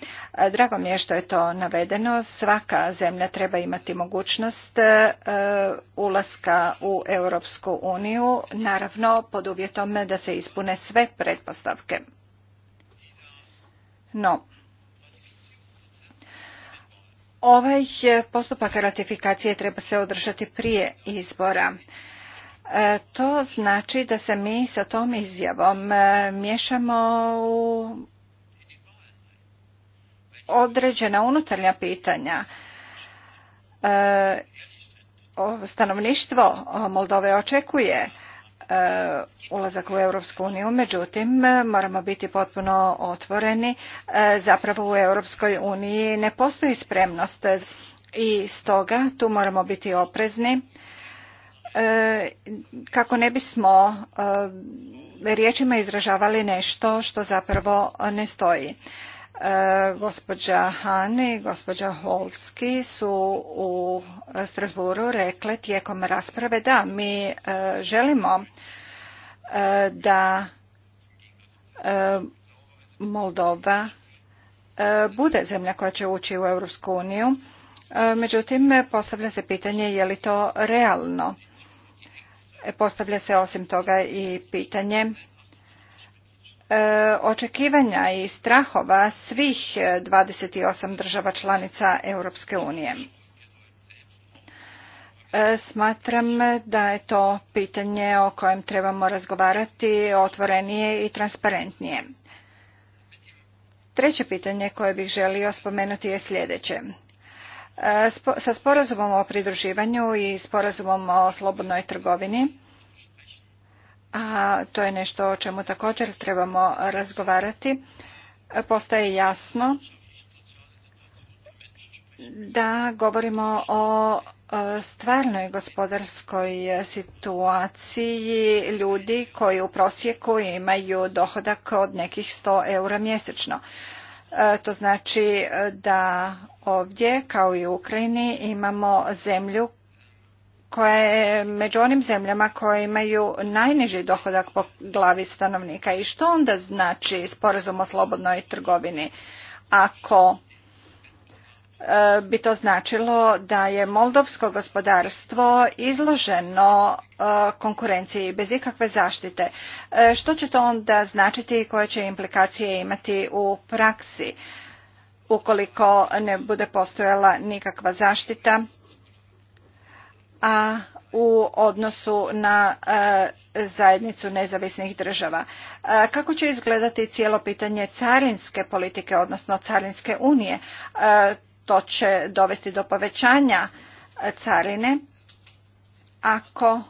Drago mi je što je to navedeno. Svaka zemlja treba imati mogućnost e, ulaska u Europsku uniju, naravno pod uvjetom da se ispune sve pretpostavke. No, ovaj postupak ratifikacije treba se održati prije izbora. E, to znači da se mi sa tom izjavom e, miješamo u određena unutarnja pitanja. E, stanovništvo Moldove očekuje ulazak u Europsku uniju, međutim moramo biti potpuno otvoreni. Zapravo u Europskoj uniji ne postoji spremnost i stoga tu moramo biti oprezni E, kako ne bismo e, riječima izražavali nešto što zapravo ne stoji. E, gospođa Hane i gospođa Holski su u Strasburu rekle tijekom rasprave da mi želimo da Moldova bude zemlja koja će ući u Europsku uniju. Međutim, postavlja se pitanje je li to realno. Postavlja se osim toga i pitanje e, očekivanja i strahova svih 28 država članica Europske unije. E, smatram da je to pitanje o kojem trebamo razgovarati otvorenije i transparentnije. Treće pitanje koje bih želio spomenuti je sljedeće sa sporazumom o pridruživanju i sporazumom o slobodnoj trgovini, a to je nešto o čemu također trebamo razgovarati, postaje jasno da govorimo o e, stvarnoj gospodarskoj situaciji ljudi koji u prosjeku imaju dohodak od nekih 100 eura mjesečno. E, to znači e, da ovdje, kao i u Ukrajini, imamo zemlju koja je među onim zemljama koje imaju najniži dohodak po glavi stanovnika. I što onda znači sporazum o slobodnoj trgovini? Ako e, bi to značilo da je moldovsko gospodarstvo izloženo E, konkurenciji bez ikakve zaštite. E, što će to onda značiti i koje će implikacije imati u praksi ukoliko ne bude postojala nikakva zaštita? A u odnosu na e, zajednicu nezavisnih država. Kako će izgledati cijelo pitanje carinske politike, odnosno carinske unije? To će dovesti do povećanja carine ako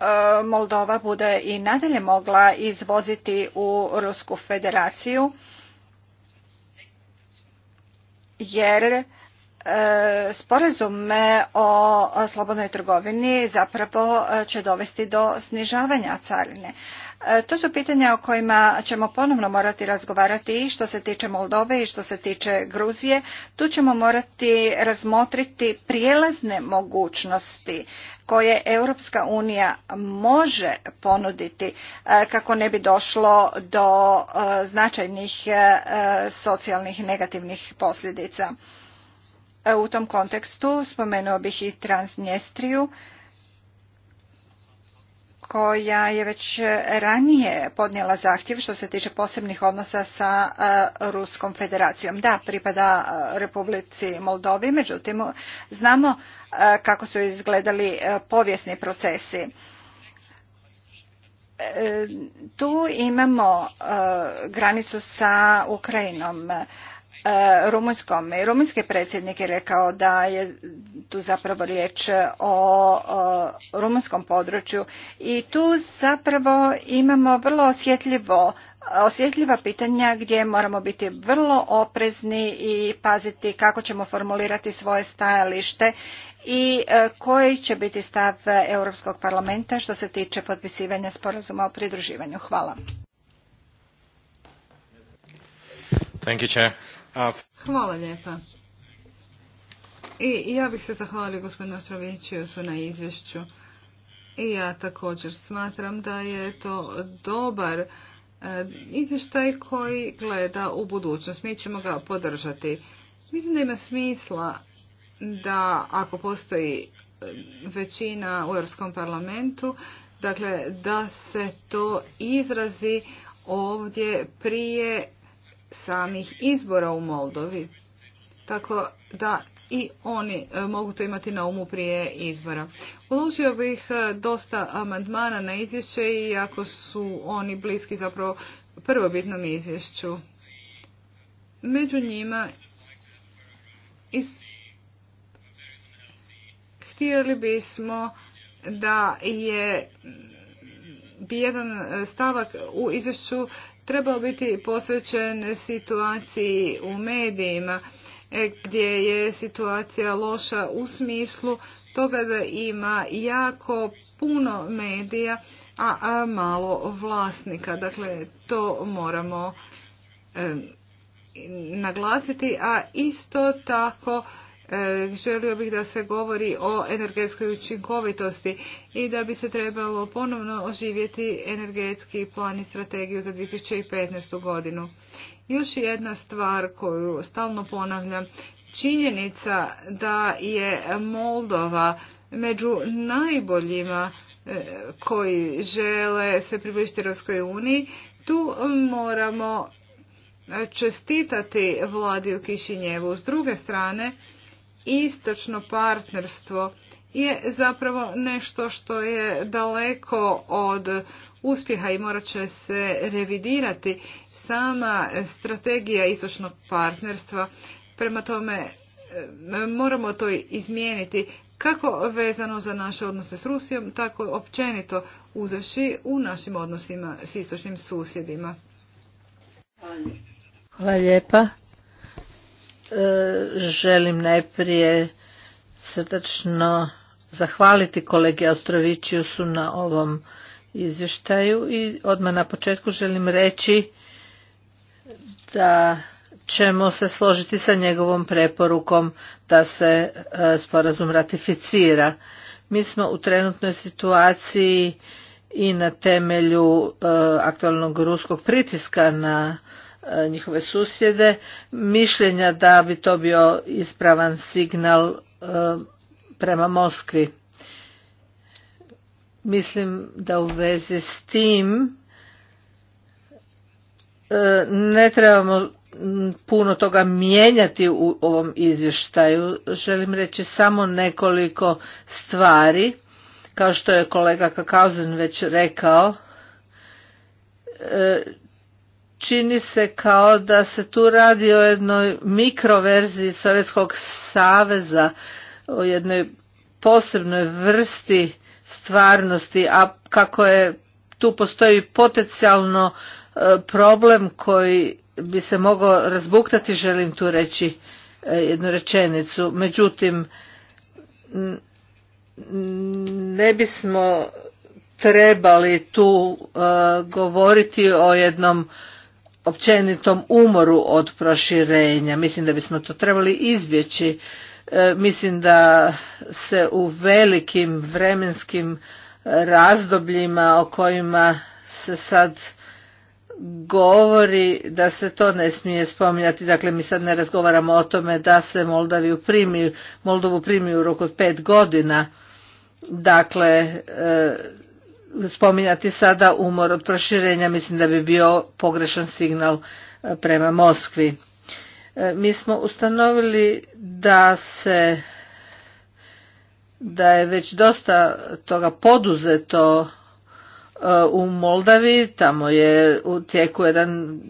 E, Moldova bude i nadalje mogla izvoziti u Rusku federaciju jer e, sporazum o slobodnoj trgovini zapravo e, će dovesti do snižavanja carine. E, to su pitanja o kojima ćemo ponovno morati razgovarati i što se tiče Moldove i što se tiče Gruzije. Tu ćemo morati razmotriti prijelazne mogućnosti koje Europska unija može ponuditi e, kako ne bi došlo do e, značajnih socijalnih negativnih posljedica. U tom kontekstu spomenuo bih i Transnjestriju koja je već ranije podnijela zahtjev što se tiče posebnih odnosa sa e, Ruskom federacijom. Da, pripada e, Republici Moldovi, međutim znamo e, kako su izgledali povijesni procesi. Tu imamo granicu sa Ukrajinom E, rumunjskom. I rumunjski predsjednik je rekao da je tu zapravo riječ o rumunjskom području i tu zapravo imamo vrlo osjetljivo osjetljiva pitanja gdje moramo biti vrlo oprezni i paziti kako ćemo formulirati svoje stajalište i e, koji će biti stav Europskog parlamenta što se tiče potpisivanja sporazuma o pridruživanju. Hvala. Thank you, Hvala lijepa. I ja bih se zahvalio gospodinu su na izvješću. I ja također smatram da je to dobar e, izvještaj koji gleda u budućnost. Mi ćemo ga podržati. Mislim da ima smisla da ako postoji e, većina u Europskom parlamentu, dakle da se to izrazi ovdje prije samih izbora u Moldovi. Tako da i oni e, mogu to imati na umu prije izbora. Uložio bih e, dosta amandmana na izvješće iako su oni bliski zapravo prvobitnom izvješću. Među njima htjeli bismo da je bi jedan e, stavak u izvješću trebao biti posvećen situaciji u medijima e, gdje je situacija loša u smislu toga da ima jako puno medija, a malo vlasnika. Dakle, to moramo e, naglasiti, a isto tako E, želio bih da se govori o energetskoj učinkovitosti i da bi se trebalo ponovno oživjeti energetski plan i strategiju za 2015. godinu. Još jedna stvar koju stalno ponavljam, činjenica da je Moldova među najboljima e, koji žele se približiti Europskoj uniji, tu moramo čestitati vladi u Kišinjevu. S druge strane, istočno partnerstvo je zapravo nešto što je daleko od uspjeha i morat će se revidirati sama strategija istočnog partnerstva. Prema tome e, moramo to izmijeniti kako vezano za naše odnose s Rusijom, tako općenito uzevši u našim odnosima s istočnim susjedima. Hvala lijepa želim najprije srdačno zahvaliti kolegi Ostrovićiusu na ovom izvještaju i odmah na početku želim reći da ćemo se složiti sa njegovom preporukom da se e, sporazum ratificira. Mi smo u trenutnoj situaciji i na temelju e, aktualnog ruskog pritiska na E, njihove susjede mišljenja da bi to bio ispravan signal e, prema Moskvi. Mislim da u vezi s tim e, ne trebamo puno toga mijenjati u ovom izvještaju. Želim reći samo nekoliko stvari. Kao što je kolega Kakauzen već rekao, čini se kao da se tu radi o jednoj mikroverziji Sovjetskog saveza, o jednoj posebnoj vrsti stvarnosti, a kako je tu postoji potencijalno e, problem koji bi se mogao razbuktati, želim tu reći e, jednu rečenicu. Međutim, ne bismo trebali tu e, govoriti o jednom općenitom umoru od proširenja. Mislim da bismo to trebali izbjeći. E, mislim da se u velikim vremenskim razdobljima o kojima se sad govori da se to ne smije spominjati. Dakle, mi sad ne razgovaramo o tome da se Moldaviju primi, Moldovu primi u roku od pet godina. Dakle, e, spominjati sada umor od proširenja mislim da bi bio pogrešan signal e, prema Moskvi. E, mi smo ustanovili da se da je već dosta toga poduzeto e, u Moldavi, tamo je u tijeku jedan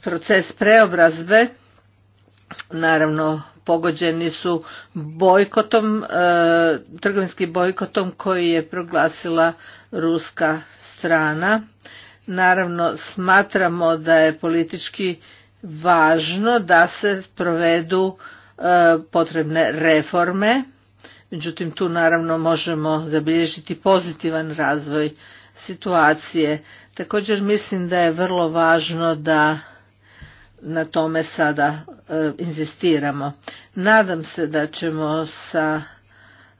proces preobrazbe naravno pogođeni su bojkotom, e, trgovinskim bojkotom koji je proglasila ruska strana. Naravno smatramo da je politički važno da se provedu e, potrebne reforme, međutim tu naravno možemo zabilježiti pozitivan razvoj situacije. Također mislim da je vrlo važno da na tome sada e, inzistiramo. Nadam se da ćemo sa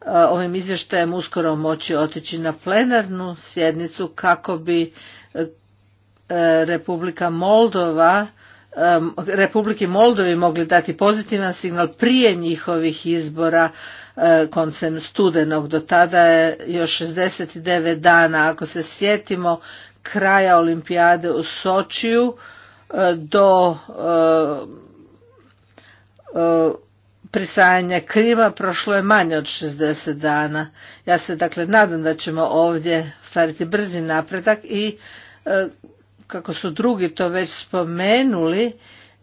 e, ovim izvještajem uskoro moći otići na plenarnu sjednicu kako bi e, Republika Moldova Republiki Moldovi mogli dati pozitivan signal prije njihovih izbora koncem studenog. Do tada je još 69 dana. Ako se sjetimo kraja olimpijade u Sočiju, E, do e, e, prisajanja kriva prošlo je manje od 60 dana. Ja se dakle nadam da ćemo ovdje stvariti brzi napredak i kako su drugi to već spomenuli,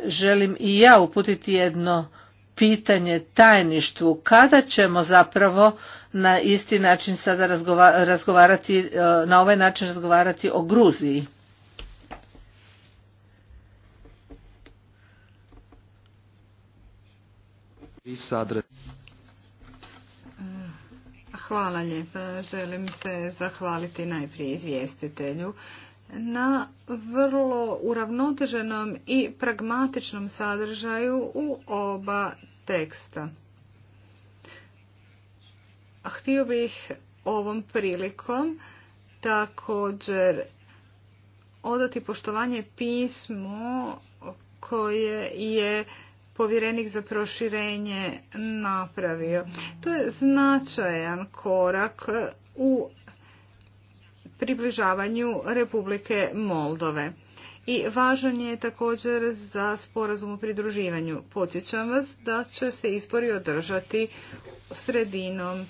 želim i ja uputiti jedno pitanje tajništvu. Kada ćemo zapravo na isti način sada razgovarati, na ovaj način razgovarati o Gruziji? Hvala lijepa. Želim se zahvaliti najprije izvjestitelju na vrlo uravnoteženom i pragmatičnom sadržaju u oba teksta. Htio bih ovom prilikom također odati poštovanje pismo koje je povjerenik za proširenje napravio. To je značajan korak u približavanju Republike Moldove. I važan je također za sporazum o pridruživanju. Podsjećam vas da će se izbori održati sredinom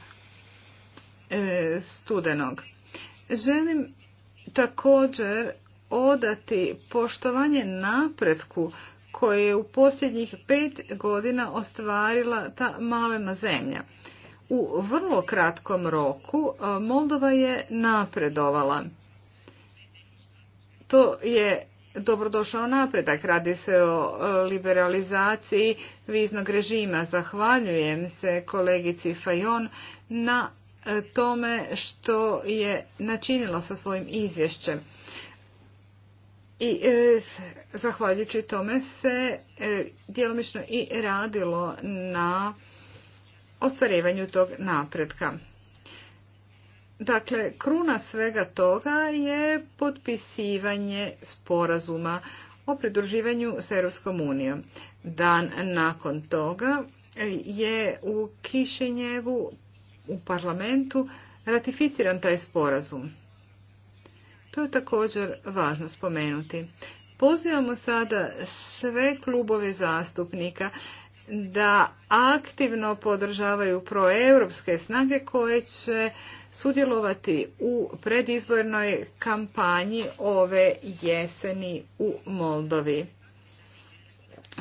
e, studenog. Želim također odati poštovanje napretku koje je u posljednjih pet godina ostvarila ta malena zemlja. U vrlo kratkom roku e, Moldova je napredovala. To je dobrodošao napredak. Radi se o e, liberalizaciji viznog režima. Zahvaljujem se kolegici Fajon na e, tome što je načinila sa svojim izvješćem i e, zahvaljujući tome se e, djelomično i radilo na ostvarivanju tog napretka. Dakle, kruna svega toga je potpisivanje sporazuma o pridruživanju s Europskom unijom. Dan nakon toga e, je u Kišenjevu u parlamentu ratificiran taj sporazum. To je također važno spomenuti. Pozivamo sada sve klubove zastupnika da aktivno podržavaju proeuropske snage koje će sudjelovati u predizbornoj kampanji ove jeseni u Moldovi.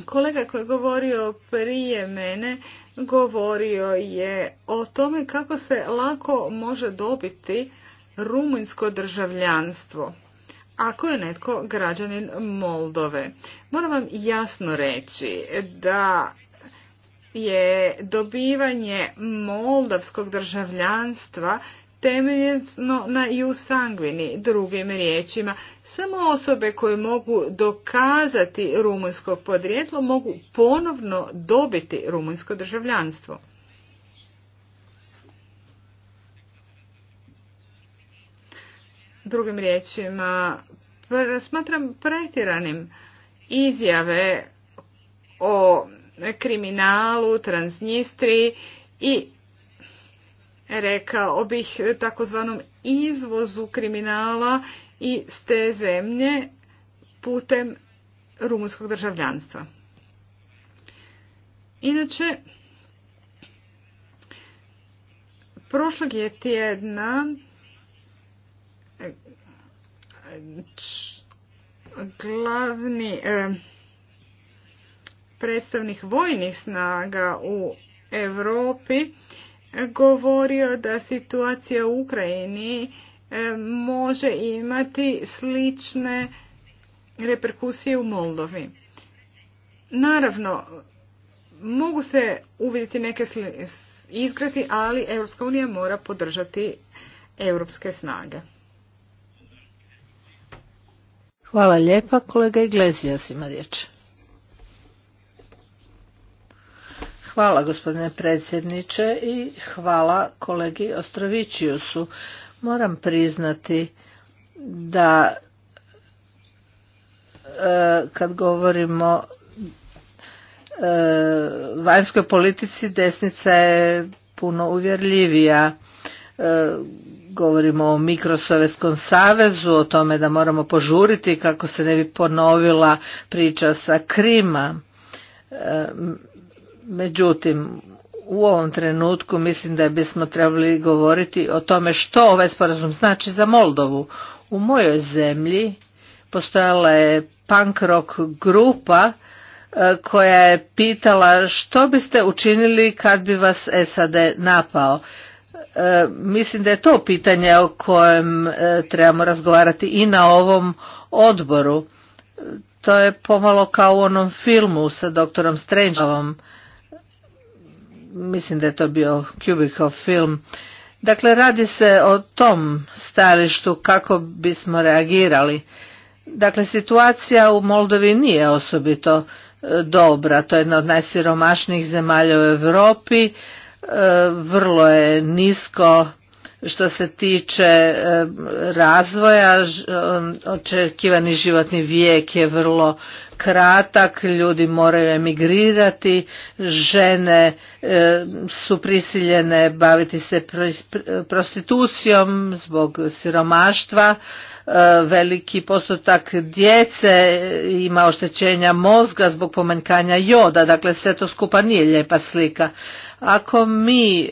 Kolega koji je govorio prije mene govorio je o tome kako se lako može dobiti rumunjsko državljanstvo ako je netko građanin Moldove. Moram vam jasno reći da je dobivanje moldavskog državljanstva temeljeno na u sangvini, drugim riječima. Samo osobe koje mogu dokazati rumunjsko podrijetlo mogu ponovno dobiti rumunjsko državljanstvo. drugim riječima, smatram pretjeranim izjave o kriminalu, transnistri i rekao bih takozvanom izvozu kriminala i ste te zemlje putem rumunskog državljanstva. Inače, prošlog je tjedna glavni e, predstavnik vojnih snaga u Europi govorio da situacija u Ukrajini e, može imati slične reperkusije u Moldovi. Naravno, mogu se uvidjeti neke izgrazi, ali EU mora podržati europske snage. Hvala lijepa. Kolega Iglesijas ima riječ. Hvala gospodine predsjedniče i hvala kolegi Ostrovićijusu. Moram priznati da e, kad govorimo e, vanjskoj politici desnica je puno uvjerljivija e, govorimo o Mikrosovjetskom savezu, o tome da moramo požuriti kako se ne bi ponovila priča sa Krima. E, međutim, u ovom trenutku mislim da bismo trebali govoriti o tome što ovaj sporazum znači za Moldovu. U mojoj zemlji postojala je punk rock grupa e, koja je pitala što biste učinili kad bi vas SAD napao. Mislim da je to pitanje o kojem e, trebamo razgovarati i na ovom odboru. To je pomalo kao u onom filmu sa doktorom Strangeovom. Mislim da je to bio Kubikov film. Dakle, radi se o tom stajalištu kako bismo reagirali. Dakle, situacija u Moldovi nije osobito e, dobra. To je jedna od najsiromašnijih zemalja u Europi vrlo je nisko što se tiče e, razvoja, e, očekivani životni vijek je vrlo kratak, ljudi moraju emigrirati, žene e, su prisiljene baviti se prostitucijom zbog siromaštva, veliki postotak djece ima oštećenja mozga zbog pomenkanja joda, dakle sve to skupa nije lijepa slika. Ako mi, e,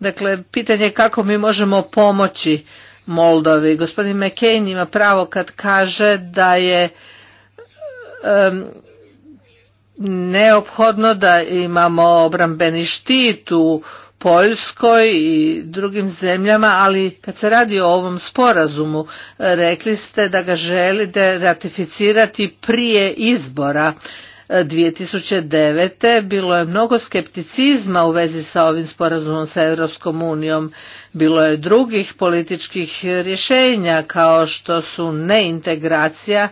dakle, pitanje je kako mi možemo pomoći Moldovi. Gospodin McCain ima pravo kad kaže da je e, neophodno da imamo obrambeni štit u Poljskoj i drugim zemljama, ali kad se radi o ovom sporazumu, rekli ste da ga želite ratificirati prije izbora. 2009. bilo je mnogo skepticizma u vezi sa ovim sporazumom sa Europskom unijom. Bilo je drugih političkih rješenja kao što su neintegracija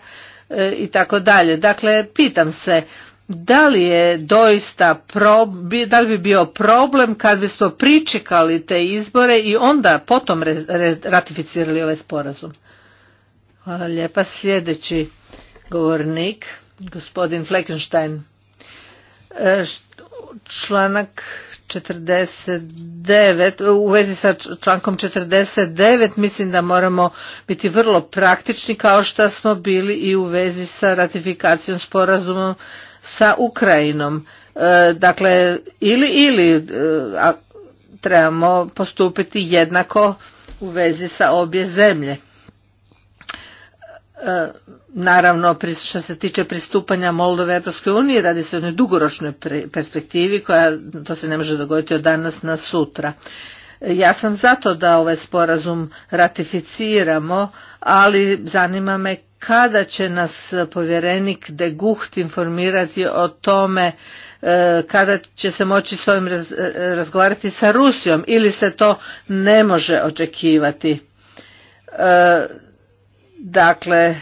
e, i tako dalje. Dakle, pitam se da li je doista pro, da li bi bio problem kad bismo pričekali te izbore i onda potom ratificirali ovaj sporazum. Hvala lijepa. Sljedeći govornik gospodin Fleckenstein. E, članak 49, u vezi sa člankom 49 mislim da moramo biti vrlo praktični kao što smo bili i u vezi sa ratifikacijom sporazuma sa Ukrajinom. E, dakle, ili ili e, trebamo postupiti jednako u vezi sa obje zemlje. E, naravno, što se tiče pristupanja Moldove Europskoj uniji, radi se o jednoj dugoročnoj perspektivi koja to se ne može dogoditi od danas na sutra. E, ja sam zato da ovaj sporazum ratificiramo, ali zanima me kada će nas povjerenik de Gucht informirati o tome e, kada će se moći s ovim razgovarati sa Rusijom ili se to ne može očekivati Dakle,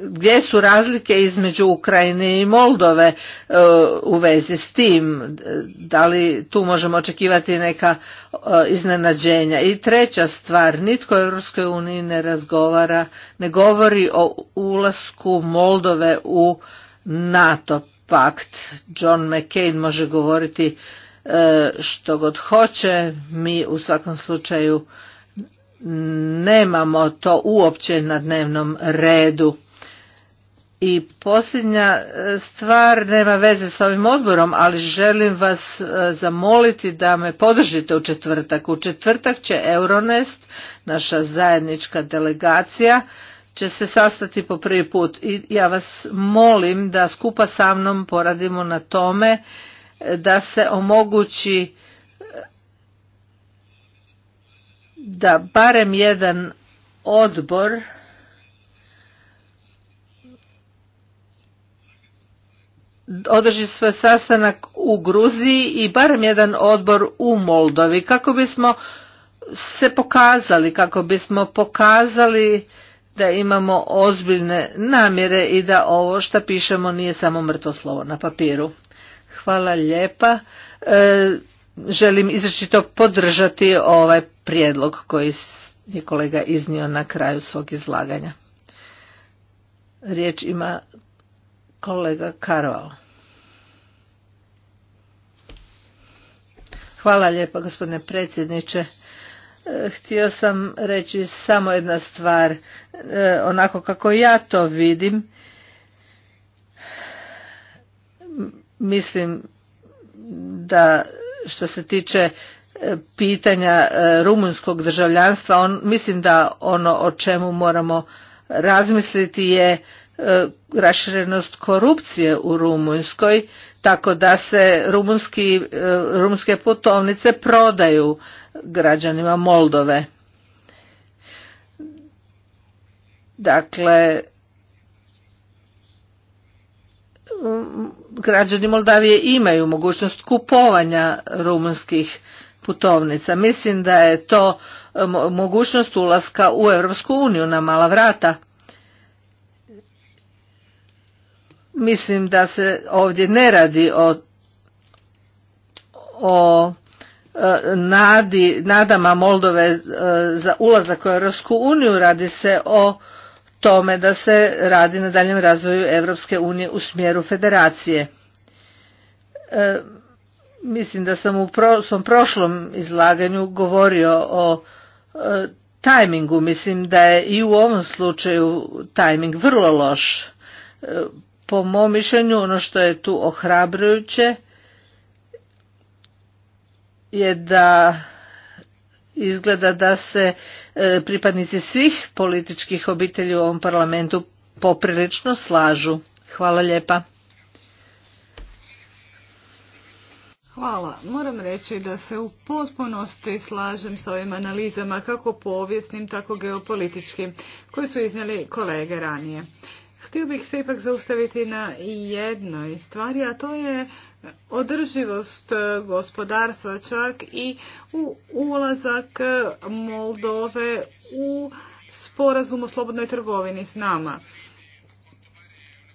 gdje su razlike između Ukrajine i Moldove e, u vezi s tim? Da li tu možemo očekivati neka e, iznenađenja? I treća stvar, nitko u Europskoj uniji ne razgovara, ne govori o ulasku Moldove u NATO pakt. John McCain može govoriti e, što god hoće, mi u svakom slučaju nemamo to uopće na dnevnom redu. I posljednja e, stvar nema veze s ovim odborom, ali želim vas e, zamoliti da me podržite u četvrtak. U četvrtak će Euronest, naša zajednička delegacija, će se sastati po prvi put i ja vas molim da skupa sa mnom poradimo na tome e, da se omogući da barem jedan odbor održi svoj sastanak u Gruziji i barem jedan odbor u Moldovi kako bismo se pokazali, kako bismo pokazali da imamo ozbiljne namjere i da ovo što pišemo nije samo mrtvo slovo na papiru. Hvala lijepa. E, želim izrečito podržati ovaj prijedlog koji je kolega iznio na kraju svog izlaganja. Riječ ima kolega Karval. Hvala lijepa gospodine predsjedniče. E, htio sam reći samo jedna stvar, e, onako kako ja to vidim, mislim da što se tiče pitanja e, rumunjskog državljanstva mislim da ono o čemu moramo razmisliti je e, raširenost korupcije u Rumunjskoj tako da se rumunski, e, rumunske putovnice prodaju građanima Moldove. Dakle, građani Moldavije imaju mogućnost kupovanja rumunskih putovnica. Mislim da je to e, mogućnost ulaska u Europsku uniju na mala vrata. Mislim da se ovdje ne radi o, e, nadi, nadama Moldove e, za ulazak u Europsku uniju, radi se o tome da se radi na daljem razvoju Europske unije u smjeru federacije. Mislim da sam u svom prošlom izlaganju govorio o e, tajmingu. Mislim da je i u ovom slučaju tajming vrlo loš. E, po mom mišljenju ono što je tu ohrabrujuće je da izgleda da se e, pripadnici svih političkih obitelji u ovom parlamentu poprilično slažu. Hvala lijepa. Hvala. Moram reći da se u potpunosti slažem s ovim analizama kako povijesnim, tako geopolitičkim koje su iznijeli kolege ranije. Htio bih se ipak zaustaviti na jednoj stvari, a to je održivost gospodarstva čak i u ulazak Moldove u sporazum o slobodnoj trgovini s nama.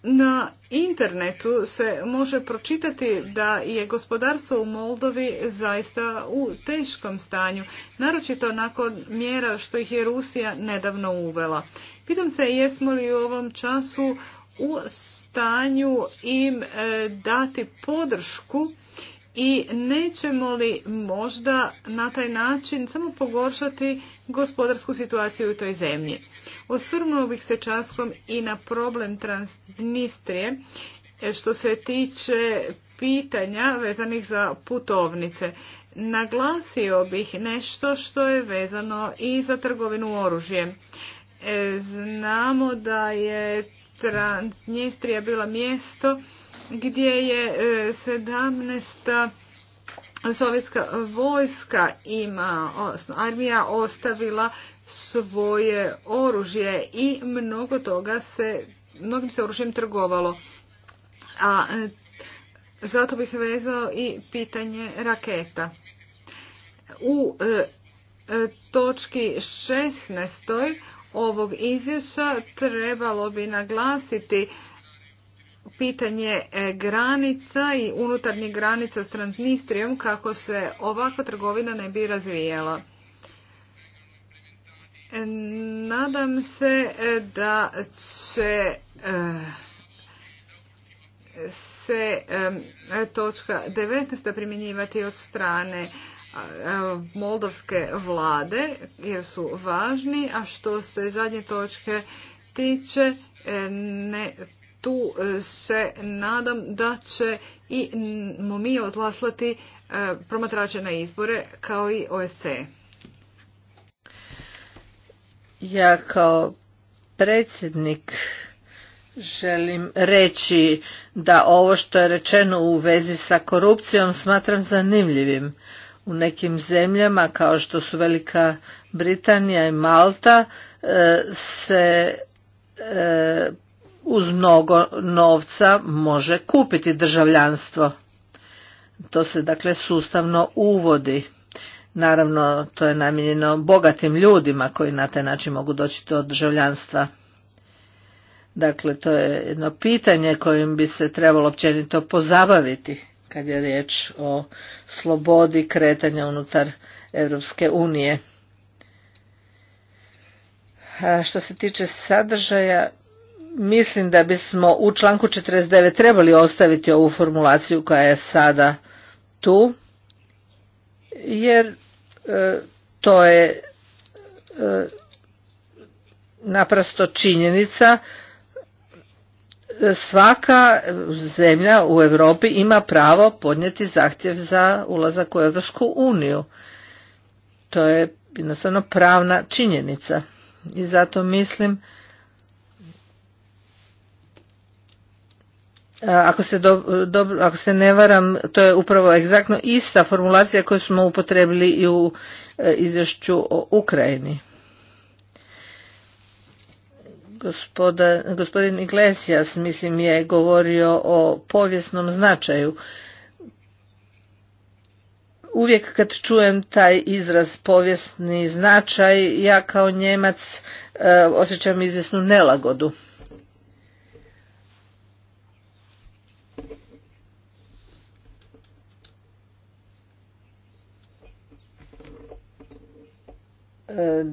Na internetu se može pročitati da je gospodarstvo u Moldovi zaista u teškom stanju, naročito nakon mjera što ih je Rusija nedavno uvela. Pitam se jesmo li u ovom času u stanju im e, dati podršku i nećemo li možda na taj način samo pogoršati gospodarsku situaciju u toj zemlji. Osvrnuo bih se časkom i na problem Transnistrije e, što se tiče pitanja vezanih za putovnice. Naglasio bih nešto što je vezano i za trgovinu oružjem. E, znamo da je Transnistrija bila mjesto gdje je 17. E, sovjetska vojska ima, odnosno armija ostavila svoje oružje i mnogo toga se, mnogim se oružjem trgovalo. A e, zato bih vezao i pitanje raketa. U e, točki 16. ovog izvješća trebalo bi naglasiti pitanje e, granica i unutarnjih granica s Transnistrijom kako se ovakva trgovina ne bi razvijela. E, nadam se e, da će se točka 19. primjenjivati od strane moldovske vlade jer su važni, a što se zadnje točke tiče ne tu e, se nadam da će i mi odlaslati e, promatrače na izbore kao i OSCE. Ja kao predsjednik želim reći da ovo što je rečeno u vezi sa korupcijom smatram zanimljivim. U nekim zemljama kao što su Velika Britanija i Malta e, se uz mnogo novca može kupiti državljanstvo. To se dakle sustavno uvodi. Naravno, to je namijenjeno bogatim ljudima koji na taj način mogu doći do državljanstva. Dakle, to je jedno pitanje kojim bi se trebalo općenito pozabaviti kad je riječ o slobodi kretanja unutar Europske unije. što se tiče sadržaja mislim da bismo u članku 49 trebali ostaviti ovu formulaciju koja je sada tu jer e, to je e, naprosto činjenica svaka zemlja u Europi ima pravo podnijeti zahtjev za ulazak u Europsku uniju. To je jednostavno pravna činjenica i zato mislim E, ako se, ne varam, to je upravo egzaktno ista formulacija koju smo upotrebili i u e, izvješću o Ukrajini. gospodin Iglesias, mislim, je govorio o povijesnom značaju. Uvijek kad čujem taj izraz povijesni značaj, ja kao Njemac e, osjećam izvjesnu nelagodu. E,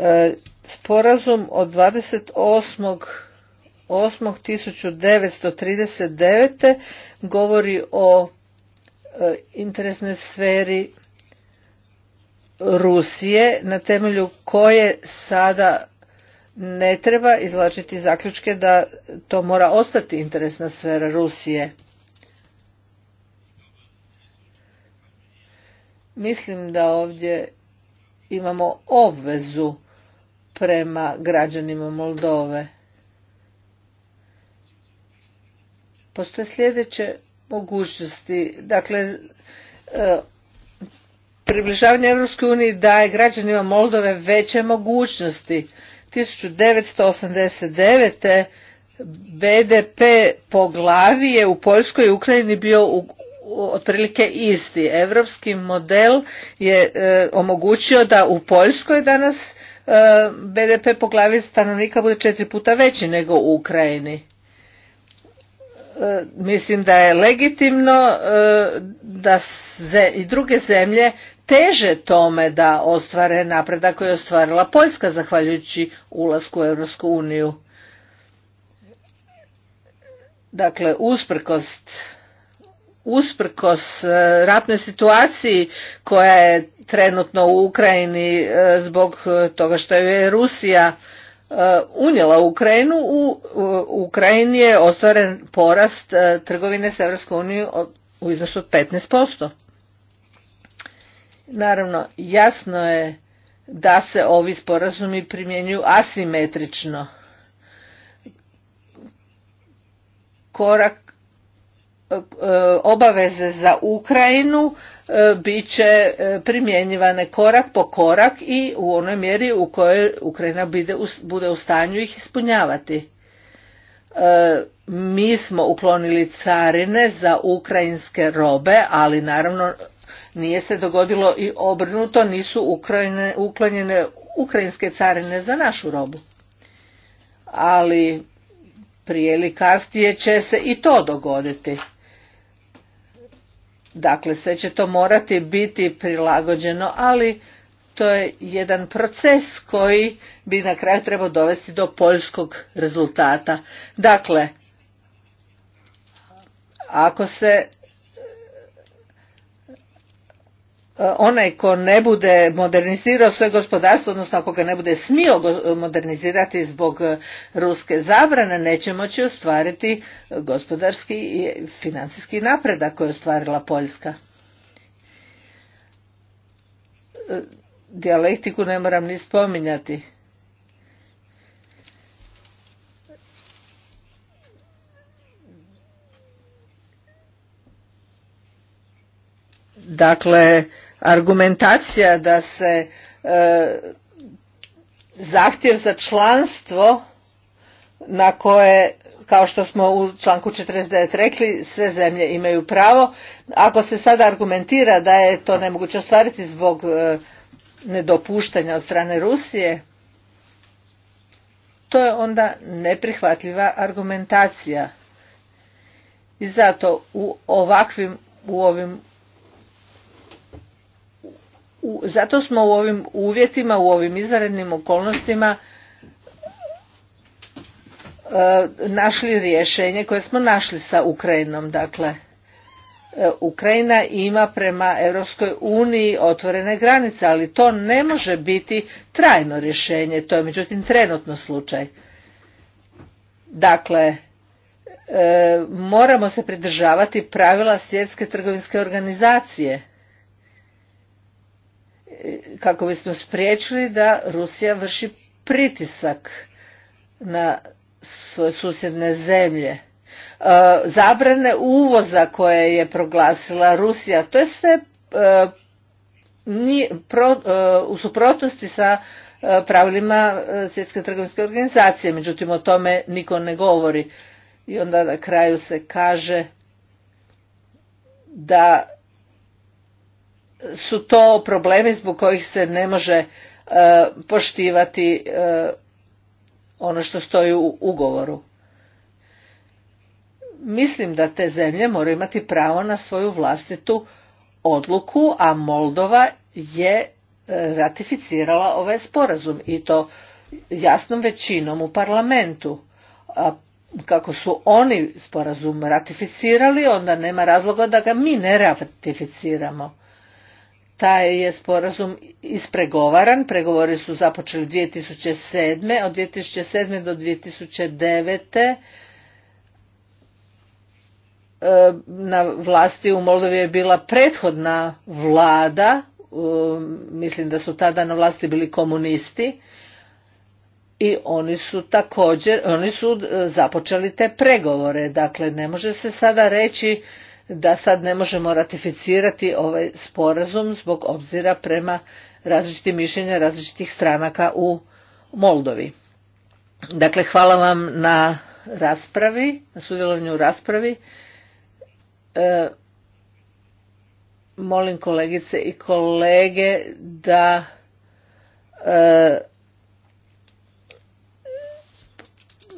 e, sporazum od 28.8.1939. govori o e, interesnoj sferi Rusije na temelju koje sada ne treba izvlačiti zaključke da to mora ostati interesna sfera Rusije. Mislim da ovdje imamo obvezu prema građanima Moldove. Postoje sljedeće mogućnosti. Dakle, e, približavanje EU uniji daje građanima Moldove veće mogućnosti 1989. BDP po glavi je u Poljskoj i Ukrajini bio otprilike isti. Evropski model je e, omogućio da u Poljskoj danas e, BDP po glavi stanovnika bude četiri puta veći nego u Ukrajini. E, mislim da je legitimno e, da se i druge zemlje teže tome da ostvare napredak koji je ostvarila Poljska zahvaljujući ulasku u Europsku uniju. Dakle, usprkost usprkos e, ratnoj situaciji koja je trenutno u Ukrajini e, zbog e, toga što je Rusija unijela Ukrajinu, u Ukrajini je ostvaren porast trgovine s EU u iznosu od 15%. Naravno, jasno je da se ovi sporazumi primjenjuju asimetrično. Korak e, obaveze za Ukrajinu e, bit će e, primjenjivane korak po korak i u onoj mjeri u kojoj Ukrajina bude u stanju ih ispunjavati. Mi smo uklonili carine za ukrajinske robe, ali naravno nije se dogodilo i obrnuto, nisu ukrajne, uklanjene ukrajinske carine za našu robu. Ali prije ili kasnije će se i to dogoditi. Dakle, sve će to morati biti prilagođeno, ali to je jedan proces koji bi na kraju trebao dovesti do poljskog rezultata. Dakle, ako se E, onaj ko ne bude modernizirao svoje gospodarstvo, odnosno ako ga ne bude smio modernizirati zbog e, ruske zabrane, neće moći ostvariti e, gospodarski i financijski napredak koji je ostvarila Poljska. Dijalektiku ne moram ni spominjati. Dakle, argumentacija da se e, zahtjev za članstvo na koje kao što smo u članku 49 rekli, sve zemlje imaju pravo. Ako se sada argumentira da je to nemoguće ostvariti zbog e, nedopuštanja od strane Rusije, to je onda neprihvatljiva argumentacija. I zato u ovakvim u ovim zato smo u ovim uvjetima, u ovim izvanrednim okolnostima e, našli rješenje koje smo našli sa Ukrajinom. Dakle, e, Ukrajina ima prema Europskoj uniji otvorene granice, ali to ne može biti trajno rješenje, to je međutim trenutno slučaj. Dakle, e, moramo se pridržavati pravila svjetske trgovinske organizacije kako bismo spriječili da Rusija vrši pritisak na svoje susjedne zemlje. E, zabrane uvoza koje je proglasila Rusija, to je sve e, e, u suprotnosti sa pravilima Svjetske trgovinske organizacije, međutim o tome niko ne govori. I onda na kraju se kaže da su to problemi zbog kojih se ne može e, poštivati e, ono što stoji u ugovoru. Mislim da te zemlje moraju imati pravo na svoju vlastitu odluku, a Moldova je e, ratificirala ovaj sporazum i to jasnom većinom u parlamentu. A kako su oni sporazum ratificirali, onda nema razloga da ga mi ne ratificiramo taj je sporazum ispregovaran, pregovori su započeli 2007. od 2007. do 2009. E, na vlasti u Moldovi je bila prethodna vlada, e, mislim da su tada na vlasti bili komunisti i oni su također, oni su e, započeli te pregovore, dakle ne može se sada reći da sad ne možemo ratificirati ovaj sporazum zbog obzira prema različitim mišljenja različitih stranaka u Moldovi. Dakle, hvala vam na raspravi, na sudjelovanju u raspravi. E, molim kolegice i kolege da e,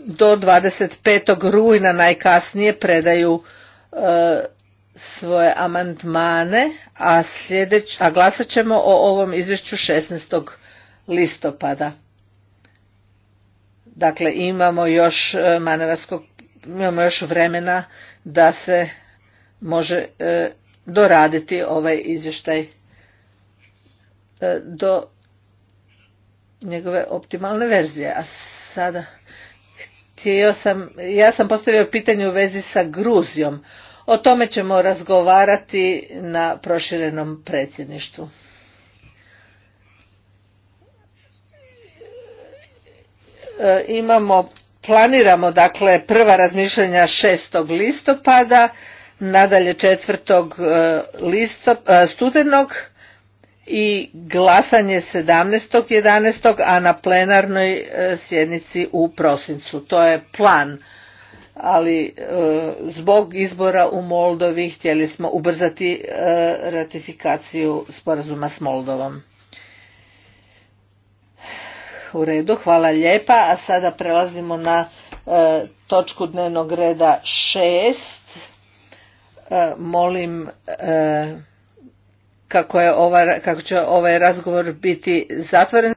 do 25. rujna najkasnije predaju e, svoje amandmane, a, sljedeć, a glasat ćemo o ovom izvješću 16. listopada. Dakle, imamo još e, manevarskog, imamo još vremena da se može e, doraditi ovaj izvještaj e, do njegove optimalne verzije. A sada htio sam, ja sam postavio pitanje u vezi sa Gruzijom. O tome ćemo razgovarati na proširenom predsjedništvu. E, imamo, planiramo dakle prva razmišljanja 6. listopada, nadalje 4. E, e, studenog i glasanje 17.11. a na plenarnoj sjednici u prosincu. To je plan ali e, zbog izbora u Moldovi htjeli smo ubrzati e, ratifikaciju sporazuma s Moldovom. U redu, hvala lijepa, a sada prelazimo na e, točku dnevnog reda šest. Molim kako, je kako će ovaj razgovor biti zatvoren.